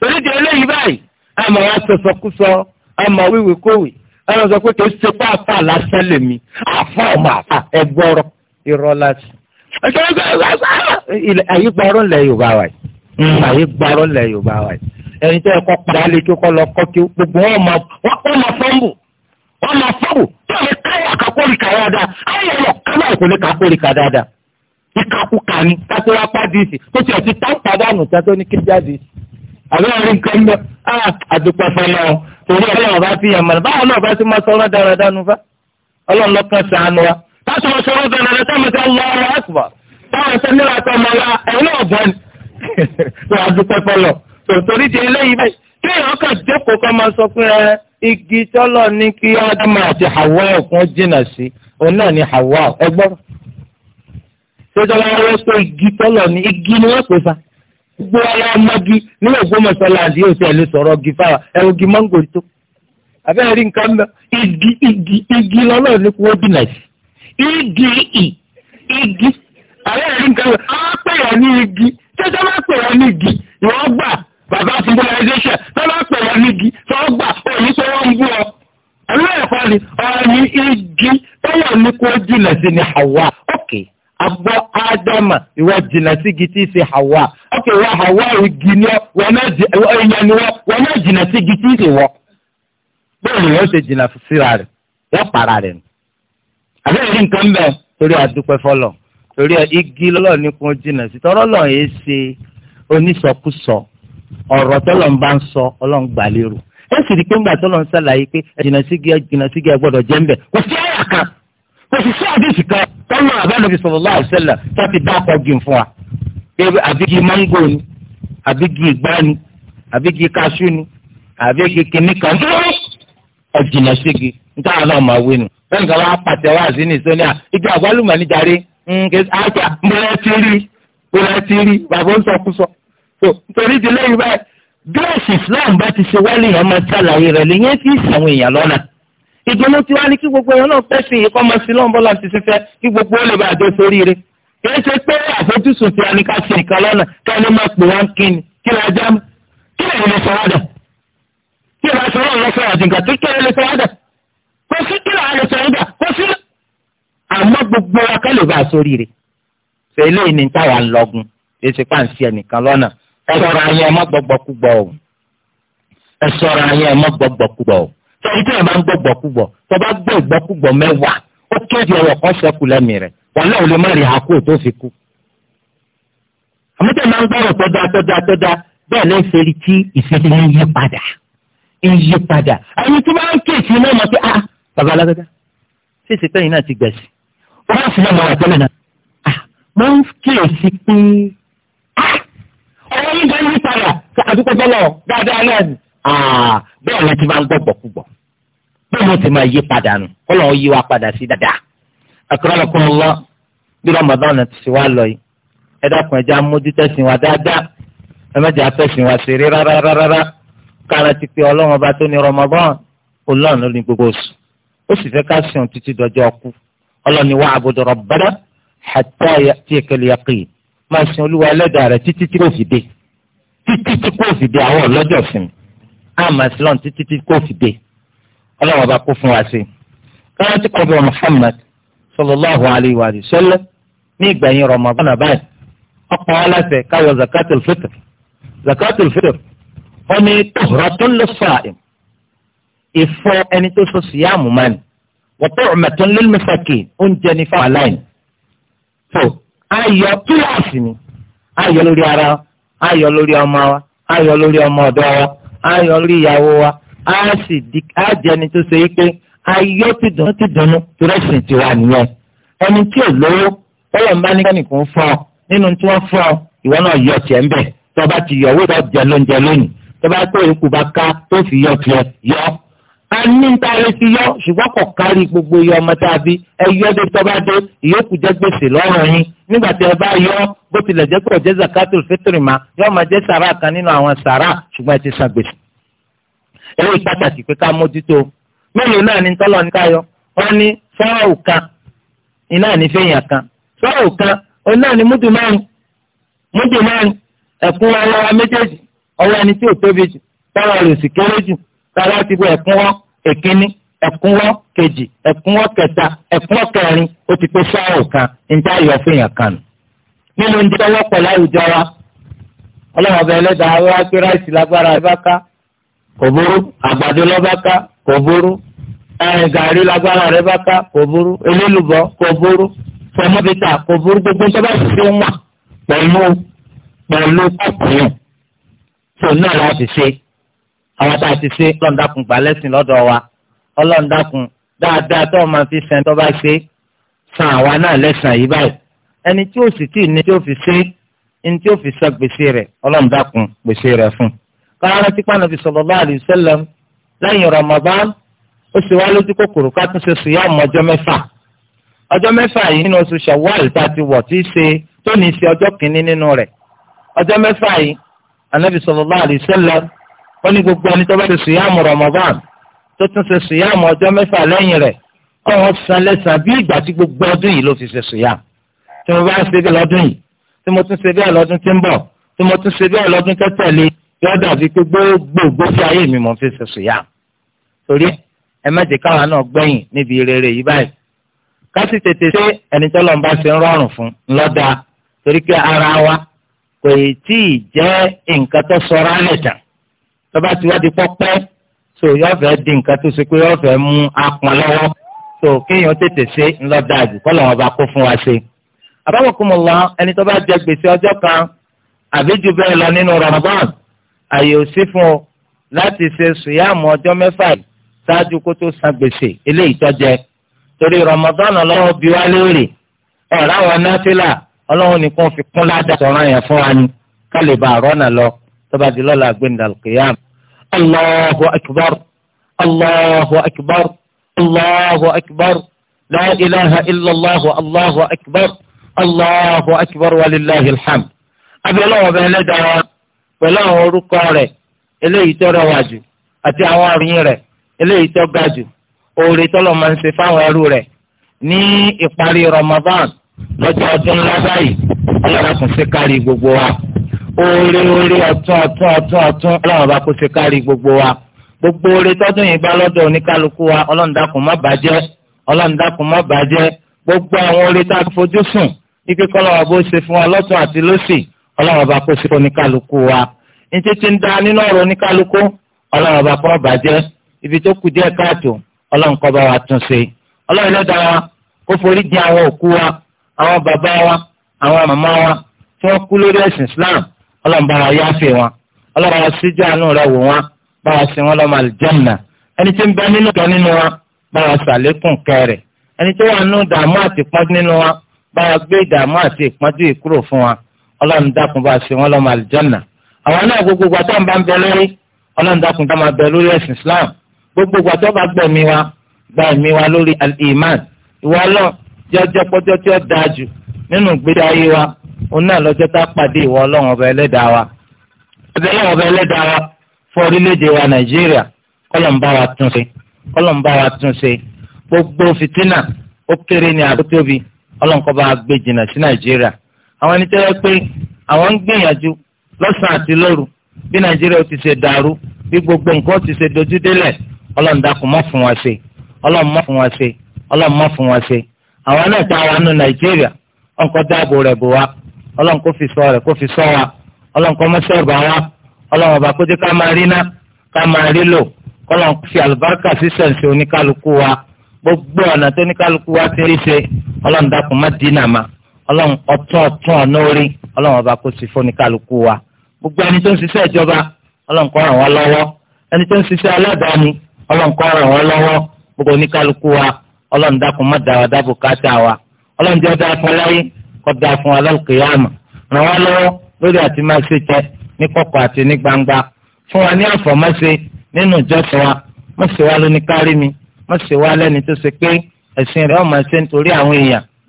torí di eléyìí báyìí àmọ́ wa sọsọ kú sọ àmọ́ wíwì kówì àmọ́ sọ pé kìí ṣe pàápà lásán lèmi àfa ọmọ àfa ẹgbọrọ irọ́ láti. àyígbọrọ lẹ Yorùbá wa yìí àyígbọrọ hmm. lẹ Yorùbá wa yìí ẹni tó yẹ kọ padà lè kí kọ lọ kọ kí gbogbo wọn máa wọn máa fọmbù wọn máa fọmbù tí wọn lè káyà kakórìkà dáadáa àwọn ọmọ kábàá kò lè kakórìkà dáadáa ìkàkùkà ni kátó wá pàdé ìsì tó ti ọtí tá pàdánù tá tó ní kí jáde ìsì àbẹ́rẹ́ nǹkan lọ àdùpọ̀ fọlọ́ torí ọlọ́run bá fi yàmọ̀ báwo náà bá ti máa sọ ọ́nà dáradára nu fa ọlọ́run lọ́kàn sànù wa táṣọ ọ̀ṣọ́ wọn bẹ̀rẹ̀ rẹ sọ́mọ sí Allahu Akbar táwọn ẹ̀sẹ̀ nílò àti ọmọ wa ẹ̀rọ náà bọ̀ ni tó àdùpọ̀ fọlọ́ torí di eléyìí báyìí kí èèyàn kàn jókòó kọ́ máa sọ pé igi tọ́lọ̀ ní kí Ádámù àti Hawa ọ̀kún jìnnà sí òun náà ni Hawa ẹgbọ́n tó jọ gbogbo ọmọ ọmọgi ní ògbómọ̀ṣọ́ láti yóò tẹ̀lé sọ̀rọ̀ gi fáwọn ẹ̀rọ gi mọ́ngò tó abẹ́rẹ́ igi igi igi lọ́lọ́ ní kó dínà igi i igi abẹ́rẹ́ nǹkan mọ́ àwọn pè ní igi tẹ́tẹ́ bá pè wọ́n ní igi ìwọ́n gbà bàbá bá pè ní igi tọ́ gbà agbọ́ ádámà ìwọ jìnnà sí igi tí Hawa ọkọ̀ ìwọ Hawa igi ni wọn èèyàn ni wọn náà jìnnà sí igi tí í ṣe wọ. bẹ́ẹ̀ ni wọ́n ṣe jìnnà síra rẹ̀ wọ́n para rẹ̀ nù. àbẹ́rẹ́ ní nǹkan bẹ́ẹ̀ torí àdúpẹ́ fọlọ̀ torí igi lọ́lọ́ ní kún jìnnà sí tọ́rọ́ lọ́ yé ṣe onísọkúsọ ọ̀rọ̀ tọ́lọ̀ ń bá ń sọ ọlọ́run gbà lérò ẹ sì rí pé ńgbà tọ́lọ̀ ń ṣàlàyé pé jìnnà sí igi jìnnà sí igi ẹ gbọ́dọ̀ kò sí àyà kan kò sì sí àdéhùn kan tọ́lá àbálòbí sallallahu alaihi wasallam tó ti dá ọkọ̀ gìn fún wa ebi abigi mango ni abigi igba ni abigi kaṣu ni abigi kini kan ọjìnà ṣégi níta àwọn ọmọ àwẹ nù bẹ́ẹ̀ni ká wàá pàtẹ wá sí ní sọnià igi àgbálùmọ̀ níjàre àjà mbọlá ti rí mbọlá ti rí bàbá ń sọkúsọ tó nítorí ìdílé yìí báyìí gírèsì Islam bá ti ṣe wálé yẹn máa ṣàlàyé rẹ̀ ìdùnnú tiwa ni kí gbogbo èèyàn náà fẹ́ sìn ìkọ́ máa sin lọ́n bọ́lá ti ṣe fẹ́ kí gbogbo ó lè bá àjọ sórí rẹ̀ kì í ṣe pé àfojúsùn tiwa ni ká sin nǹkan lọ́nà kí wọ́n máa pè wọ́n kí ni kí wọ́n já mọ́ kí wọ́n lè sọ wádà kí wọ́n sọ wọ́n lọ́sọ̀rọ̀ àti nǹkan kí wọ́n lè sọ wádà kò sí kí wọ́n lè sọ wádà kò sí. àmọ́ gbogbo wa ká lè bá sórí rẹ̀ fẹ́lẹ́ ni táwa ń lọ́gun kì í ṣe pàǹsí ẹnìkan lọ́nà ẹ ṣọ́ra yẹn ẹ má gbọ́gbọ́ kúgbọ́ sẹ́yìn tí wọ́n bá ń gbọ́ gbọ́kúgbọ̀ tó bá gbọ́ ìgbọ́kúgbọ̀ mẹ́wàá ó kéde ọ̀rọ̀ kan ṣẹ́kù lẹ́mìí rẹ̀ wọn náà lè má rí àkó tó fi kú. àmọ́tẹ́ máa ń gbọ́rọ̀ tọ́da tọ́da tọ́da bẹ́ẹ̀ ló ń ṣeré tí ìṣẹ́jú ń yí padà ń yí padà àyè tí wọ́n ń kéèsì náà mọ̀ pé ah bàbá alágbádá ṣé ìṣèpẹ́ yìí náà ti gbẹ̀sì wọ́n á sì ah mo ń kíyèsí pé ah, ọ̀rọ̀ yìí gan yí padà àdúgbò tọ́lọ̀ dáadáa náà ni ah bẹ́ẹ̀ ló ti máa ń gbọ́ gbọ̀kúgbọ̀ bẹ́ẹ̀ ni ó ti máa yí padà nù kó lọ́wọ́ yí wa padà sí dáadáa. akramakumullah bí Ramadan ti sì wá lọ yìí ẹ dákun ẹ jẹ́ amójútó ẹ̀sìn wa dáadáa ẹ má jẹ́ afẹ́sìn wa ṣeré rárárárá kára ti pé ọlọ́run ọba tó ní Ramadan ọlọ́run ló ní gbogbo oṣù ó sì fẹ́ ká sùn títí dọjọ́ ọkú ọlọ́run ni wa'budu rabbaka hatta ya'tiyaka al-yaqin máa sin olúwa ẹlẹ́dàá rẹ̀ títí tí kò fi dé títí tí kò fi dé àwọn ọlọ́jọ́ sinmi á máa sin títí tí kò fi dé ọlọ́run ọba kó fún wa sí káwọn ti kọ́bọ̀ Muhammad sallallahu alayhi wa sallam ní ìgbẹ̀yìn Ramadan báyìí ọkọ̀ aláṣẹ káwọ zakatul fitr zakatul fitr ó ní tuhratun lis-sa'im ìfọ ẹni tó so síyàmù máa ní wa tu'matun lil-masakin oúnjẹ ní fáwọn aláìní. tó ayọ̀ kíláàsì ni ayọ̀ lórí ara ayọ̀ lórí ọmọ wa ayọ̀ lórí ọmọ ọ̀dọ́ wa ayọ̀ lórí ìyàwó wa á sì di á jẹni tó ṣe yí pé ayọ́ ti dùn ti dùn tó rẹ̀sìn ti wà nìyẹn ẹni tí ò lówó bọ́lá ń bá ní kánìkún fún ọ nínú tí wọ́n fún ọ ìwọ náà yọ tiẹ̀ ń bẹ̀ tó bá ti yọ owó tó jẹ lóúnjẹ lónìí tó bá tó ikú bá ká tó fi yọ tiẹ̀ yọ. a ní ta lè fi yọ ṣùgbọ́n kò kárí gbogbo iye ọmọ tá a bí ẹ yọ dé tó bá dé ìyókù jẹ́ gbèsè lọ́rùn yín nígbà tí ẹ bá yọ bó tilẹ̀ jẹ́ pé ọ̀jẹ́ zakatul fitri yọ ọmọ jẹ́ sàrà kan nínú àwọn sàrà ṣùgbọ́n ẹ ti san gbèsè eléyìí pàtàkì pé ká mójútó mélòó náà ni tọ́lọ̀ ní káyọ wọ́n ní fọ́ọ̀rù kan iná ní fẹ́yàn kan fọ́ọ̀rù kan òun náà ni múdù márùn múdù márùn ẹ̀kún ọlọ́wọ́ méjèèjì ọwọ́ ẹni tí ò tóbi jù tọ́wọ́ rẹ̀ sì kéré jù tọ́wọ́ ti bọ ẹ̀kún wọ́n èkíní ẹ̀kún wọ́n kejì ẹ̀kún wọ́n kẹta ẹ̀kún wọ́n kẹrin ó ti pé fọ́ọ̀rù kan níta yọ fẹ́yàn kan nù nínú oúnjẹ tọwọ́ láwùjọ wa ọlọ́wọ́ bẹ wọ́n á gbé ráìsì lágbára ẹ̀ bá ká kò burú àgbàdo lọ́ba ká kò burú ẹ̀ẹ́n gàrí lágbára rẹ̀ bá ká kò burú elélùbọ́ kò burú fọmọ́bìtà kò burú gbogbo tó bá ti ń wà pẹ̀lú pẹ̀lú kọ̀ọ̀kan tó náà láti ṣe àwọn tá a ti ṣe lọ́ndàkùn gbalẹ́sìn lọ́dọ̀ wa ọlọ́ndàkùn dáadáa tó máa fi sẹ́ni tó bá ṣe san àwa náà lẹ́sàn yìí báyìí ẹni tí ó sì tì ní tí ó fi ṣe ní tí ó fi sọ gbèsè rẹ̀ ọlọ́ndàkùn gbèsè rẹ̀ fún un káwọn ti pàànà fi sallallahu alaihi wasallam lẹ́yìn Ramadan ó sì wá lójú kòkòrò ká tún ṣe sùyàmù ọjọ́ mẹ́fà ọjọ́ mẹ́fà yìí nínú oṣù Shawwal tá a ti wọ̀ tí í ṣe tó ní í ṣe ọjọ́ kìíní nínú rẹ̀ ọjọ́ mẹ́fà yìí anabi sallallahu alaihi wasallam ó ní gbogbo ẹni tó bá ṣe sùyàmù Ramadan tó tún ṣe sùyàmù ọjọ́ mẹ́fà lẹ́yìn rẹ̀ ọ̀hún san lẹ́sàn bí ìgbà tí gbogbo ọdún yìí ló fi ṣe sùyàmù tí mo bá ṣe bẹ́ẹ̀ lọ́dún yìí tí mo tún ṣe bẹ́ẹ̀ lọ́dún tí ń bọ̀ tí mo tún ṣe bẹ́ẹ̀ lọ́dún tó yóò dàbí pé gbogbo gbèsè ayé mi mo fi sẹ̀sọ̀ yá torí ẹ má jẹ́ káwa náà gbẹ̀yìn níbi rere yìí báyìí ká sì tètè ṣe ẹni tó lọ́n bá ṣe ń rọrùn fún ńlọ́dà torí pé ara wa kò ì tí ì jẹ́ nǹkan tó sọra lẹ̀ tán tó bá ti wá di pọ́pẹ́ so yóò fẹ́ di nǹkan tó ṣe pé yóò fẹ́ mú apọn lọ́wọ́ so kéèyàn tètè ṣe ńlọ́dà àjù kọ́ kó fún wa ṣe àbáwọ̀kùnmọ̀ ẹni tó bá jẹ gbèsè ọjọ́ kan àbí jù bẹ́ẹ̀ lọ nínú Ramadan àyè ò sí fún ọ láti ṣe sùyàmù ọjọ́ mẹ́fà ṣáájú kó tó san gbèsè eléyìí tó jẹ torí Ramadan ọlọ́wọ́ bí wá léèrè ọ̀rọ̀ àwọn náfìlà ọlọ́run nìkan fi kún ládàá sọ̀rọ̀ yẹn fún wa ni ká lè lọ tó bá di lọ́la gbẹ̀ndàl Allahu akbar Allahu akbar Allahu akbar la ilaha illallah Allahu akbar Allahu akbar wa alhamd. abẹ́lẹ́ wọn bẹ́ẹ̀ lẹ́dàá pẹ̀lú àwọn orúkọ rẹ̀ eléyìí tó rẹwà jù àti àwọn àrùyìn rẹ̀ eléyìí tó ga jù oore tọ́lọ̀ máa ń ṣe fáwọn ẹrú rẹ̀ ní ìparí Ramadan lọ́jọ́ ọdún ńlá báyìí ọlọ́run kò ṣe kárí gbogbo wa oore oore ọ̀tún ọ̀tún ọ̀tún ọ̀tún ọlọ́run bá kò ṣe kárí gbogbo wa gbogbo oore tọ́dún yìí bá lọ́dọ̀ oníkálukú wa ọlọ́run dákun má bàjẹ́ ọlọ́run dákun má bàjẹ́ gbogbo àwọn oore tá a fojú sùn ikú kọ́lọ́wà bó ṣe fún wa lọ́tún àti lọ́sì ọlọ́run ọba kó síkó oníkálukú wa ní títí ń da nínú ọ̀rọ̀ oníkálukú ọlọ́run ọba kọ́ bàjẹ́ ibi tó kù díẹ̀ káàtó ọlọ́run kọ́ bá wa tún ṣe ọlọ́run ló dára kó forí jì àwọn òkú wa àwọn bàbá wa àwọn màmá wa tí wọ́n kú lórí ẹ̀sìn Islam ọlọ́run bá wa yáfẹ́ wọn ọlọ́run wa síjú àánú rẹ̀ wò wọn bá wa sin wọn lọ́mọ àlìjẹ́nà ẹni tí ń bẹ nínú ìtọ́ nínú wa bá wa ṣàlékún kẹrẹ ẹni tó wà nínú ìdààmú àti ìpọ́njú nínú wa bá wa gbé ìdààmú àti ìpọ́njú ìkúrò fún wa ọlọ́run dákun bá ṣe wọ́n lọ́mọ àlùjọ́nà àwọn náà gbogbo gbàtọ́ ń bá ń bẹ lórí ọlọ́run dákun máa bẹ Islam gbogbo gbàtọ́ bá gbẹ̀mí wa gbẹ̀mí wa lórí al-iman ìwọ ọlọ́run jọjọ pọ́jọ́ tí ó dáa jù nínú ìgbésí ayé wa òun náà lọ́jọ́ tá a pàdé ọlọ́run ọba ẹlẹ́dàá wa ọba ẹlẹ́dàá ọba ẹlẹ́dàá wa fún orílẹ̀-èdè gbogbo ó kéré àbótóbi bá àwọn ẹni tó yẹ pé àwọn ń gbìyànjú lọ́sàn àti lóru bí nàìjíríà ti ṣe dàrú bí gbogbo nǹkan ti ṣe dojú délẹ̀ ọlọ́run dákun má fún wa ṣe ọlọ́run má fún wa ṣe ọlọ́run má fún wa ṣe àwọn náà tá a wà nù nàìjíríà ọ̀nkọ́ dáàbò rẹ̀ bò wá ọlọ́run kò fi sọ rẹ̀ kò fi sọ wa ọlọ́run kò mọ́ sẹ́ẹ̀bà wa ọlọ́run ọba kó ká máa rí ná ká máa rí lò kọ́lọ́n fi àlùbáríkà ọlọ́run ọtún ọtún ọ̀nà orí ọlọ́run ọba kò sí fóni kálukú wa gbogbo ẹni tó ń ṣiṣẹ́ ìjọba ọlọ́run kó ràn wọ́n lọ́wọ́ ẹni tó ń ṣiṣẹ́ aládàáni ọlọ́run kó ràn wọ́n lọ́wọ́ gbogbo oníkálukú wa ọlọ́run dákun má dáwà dábò káàtà wa ọlọ́run jẹ́ dáa fún láyé kó dáa fún alálùkìyámà ràn wọ́n lọ́wọ́ lórí àti máa ṣe tẹ ní kọ̀kọ̀ àti ní gbangba fún wa ní àfọ̀mọ́ṣe nínú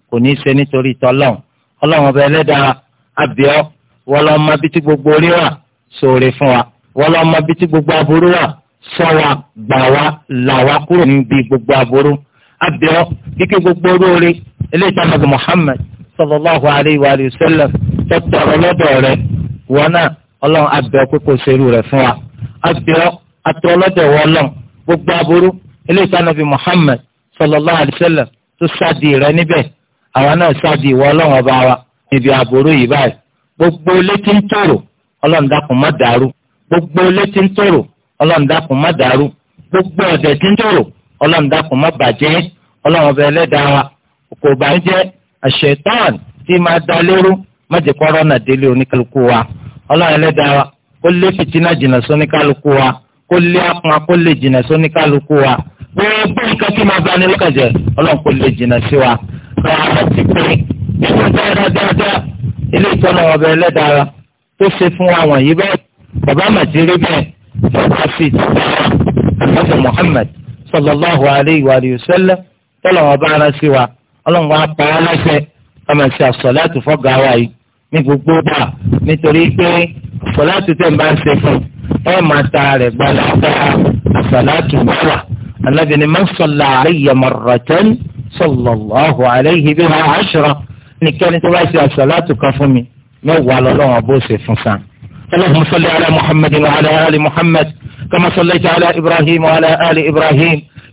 kò ní í ṣe nítorí tọ́lọ́n ọlọ́run ọba ẹlẹ́dàá àbíọ́ wọ́n lọ́ mọ bíi tí gbogbo orí wà sóore fún wa wọ́n lọ́ mọ bíi tí gbogbo aburú wà sọ wa gbà wá là wá kúrò níbi gbogbo aburú àbíọ́ kíkẹ́ gbogbo oróore eléyìí tí a nàbẹ Muhammad sallallahu alayhi wa sallam tọ́tọ̀rọ̀ lọ́dọ̀ rẹ̀ wọn náà ọlọ́run àbíọ́ pé kò ṣerú rẹ̀ fún wa àbíọ́ àtọ́ lọ́dọ̀ wọn lọ́n gbogbo aburú eléyìí tí a nàbẹ Muhammad sallallahu alayhi wa sallam tó sáà di níbẹ̀ àwa náà sáàdì ìwọ ọlọ́run ọba wa níbi àbúrò yìí báyìí gbogbo létí ń tòrò ọlọ́run má dàrú gbogbo létí ń tòrò ọlọ́run má dàrú gbogbo ọ̀dẹ̀ tí ń tòrò ọlọ́run dákun má bàjẹ́ ọlọ́run ọba ẹlẹ́dàá wa kò bá ń jẹ́ àṣetán tí da má jẹ́ náà délé oníkálukú wa ọlọ́run ẹlẹ́dàá wa lé fìtínà sóníkálukú wa kó lé apọn kó lè sóníkálukú wa gbogbo nǹkan tí máa bá ọlọ́run bàbá ti pé nínú dáadáa dáadáa ilé ìtọ́nà ọ̀bẹ ẹlẹ́dàá tó ṣe fún àwọn yìí bẹ́ẹ̀ bàbá màtí rí bẹ́ẹ̀ bàbá fi dára àbáfẹ́ Muhammad sallallahu alayhi wa sallam tọ́lọ̀ wọn bá ara sí wa ọlọ́run wa pa á láṣẹ ọmọ ìṣe àṣọláàtù fọ́gà wa yìí ní gbogbo bá nítorí pé àṣọláàtù tẹ̀ ń bá ń ṣe fún ẹ máa ta rẹ̀ gbọ́dọ̀ àṣọláàtù wà alábìnrin man salla alayya marratan sallallahu alayhi bihi ashra nìkẹ́ni tó bá ṣe àṣàlátù kan fún mi mẹ́wàá lọ́lọ́wọ́n bó ṣe fún san. اللهم صل على محمد وعلى آل محمد كما صليت على إبراهيم وعلى آل إبراهيم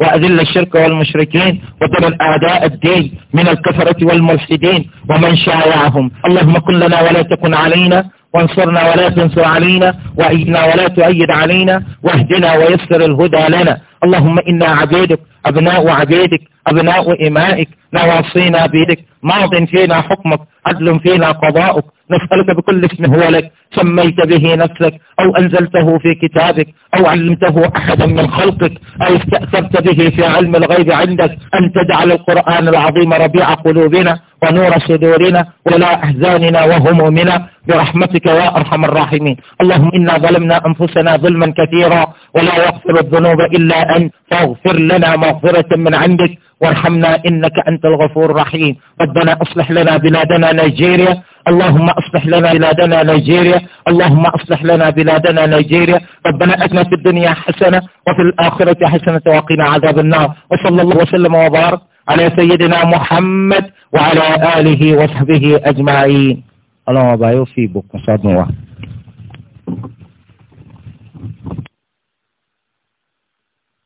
وأذل الشرك والمشركين وطر الأعداء الدين من الكفرة والملحدين ومن شايعهم اللهم كن لنا ولا تكن علينا وانصرنا ولا تنصر علينا وأيدنا ولا تؤيد علينا واهدنا ويسر الهدى لنا اللهم إنا عبيدك أبناء عبيدك أبناء إمائك نواصينا بيدك ماض فينا حكمك عدل فينا قضاؤك نسألك بكل اسم هو لك سميت به نفسك أو أنزلته في كتابك أو علمته أحدا من خلقك أو استأثرت به في علم الغيب عندك أن تجعل القرآن العظيم ربيع قلوبنا ونور صدورنا ولا أحزاننا وهمومنا برحمتك يا أرحم الراحمين اللهم إنا ظلمنا أنفسنا ظلما كثيرا ولا يغفر الذنوب إلا أن تغفر لنا مغفرة من عندك وارحمنا إنك أنت الغفور الرحيم ربنا أصلح لنا بلادنا نيجيريا اللهم أصلح لنا بلادنا نيجيريا اللهم أصلح لنا بلادنا نيجيريا ربنا أتنا في الدنيا حسنة وفي الآخرة حسنة وقنا عذاب النار وصلى الله وسلم وبارك على سيدنا محمد وعلى آله وصحبه أجمعين اللهم بارك في بكم صدوا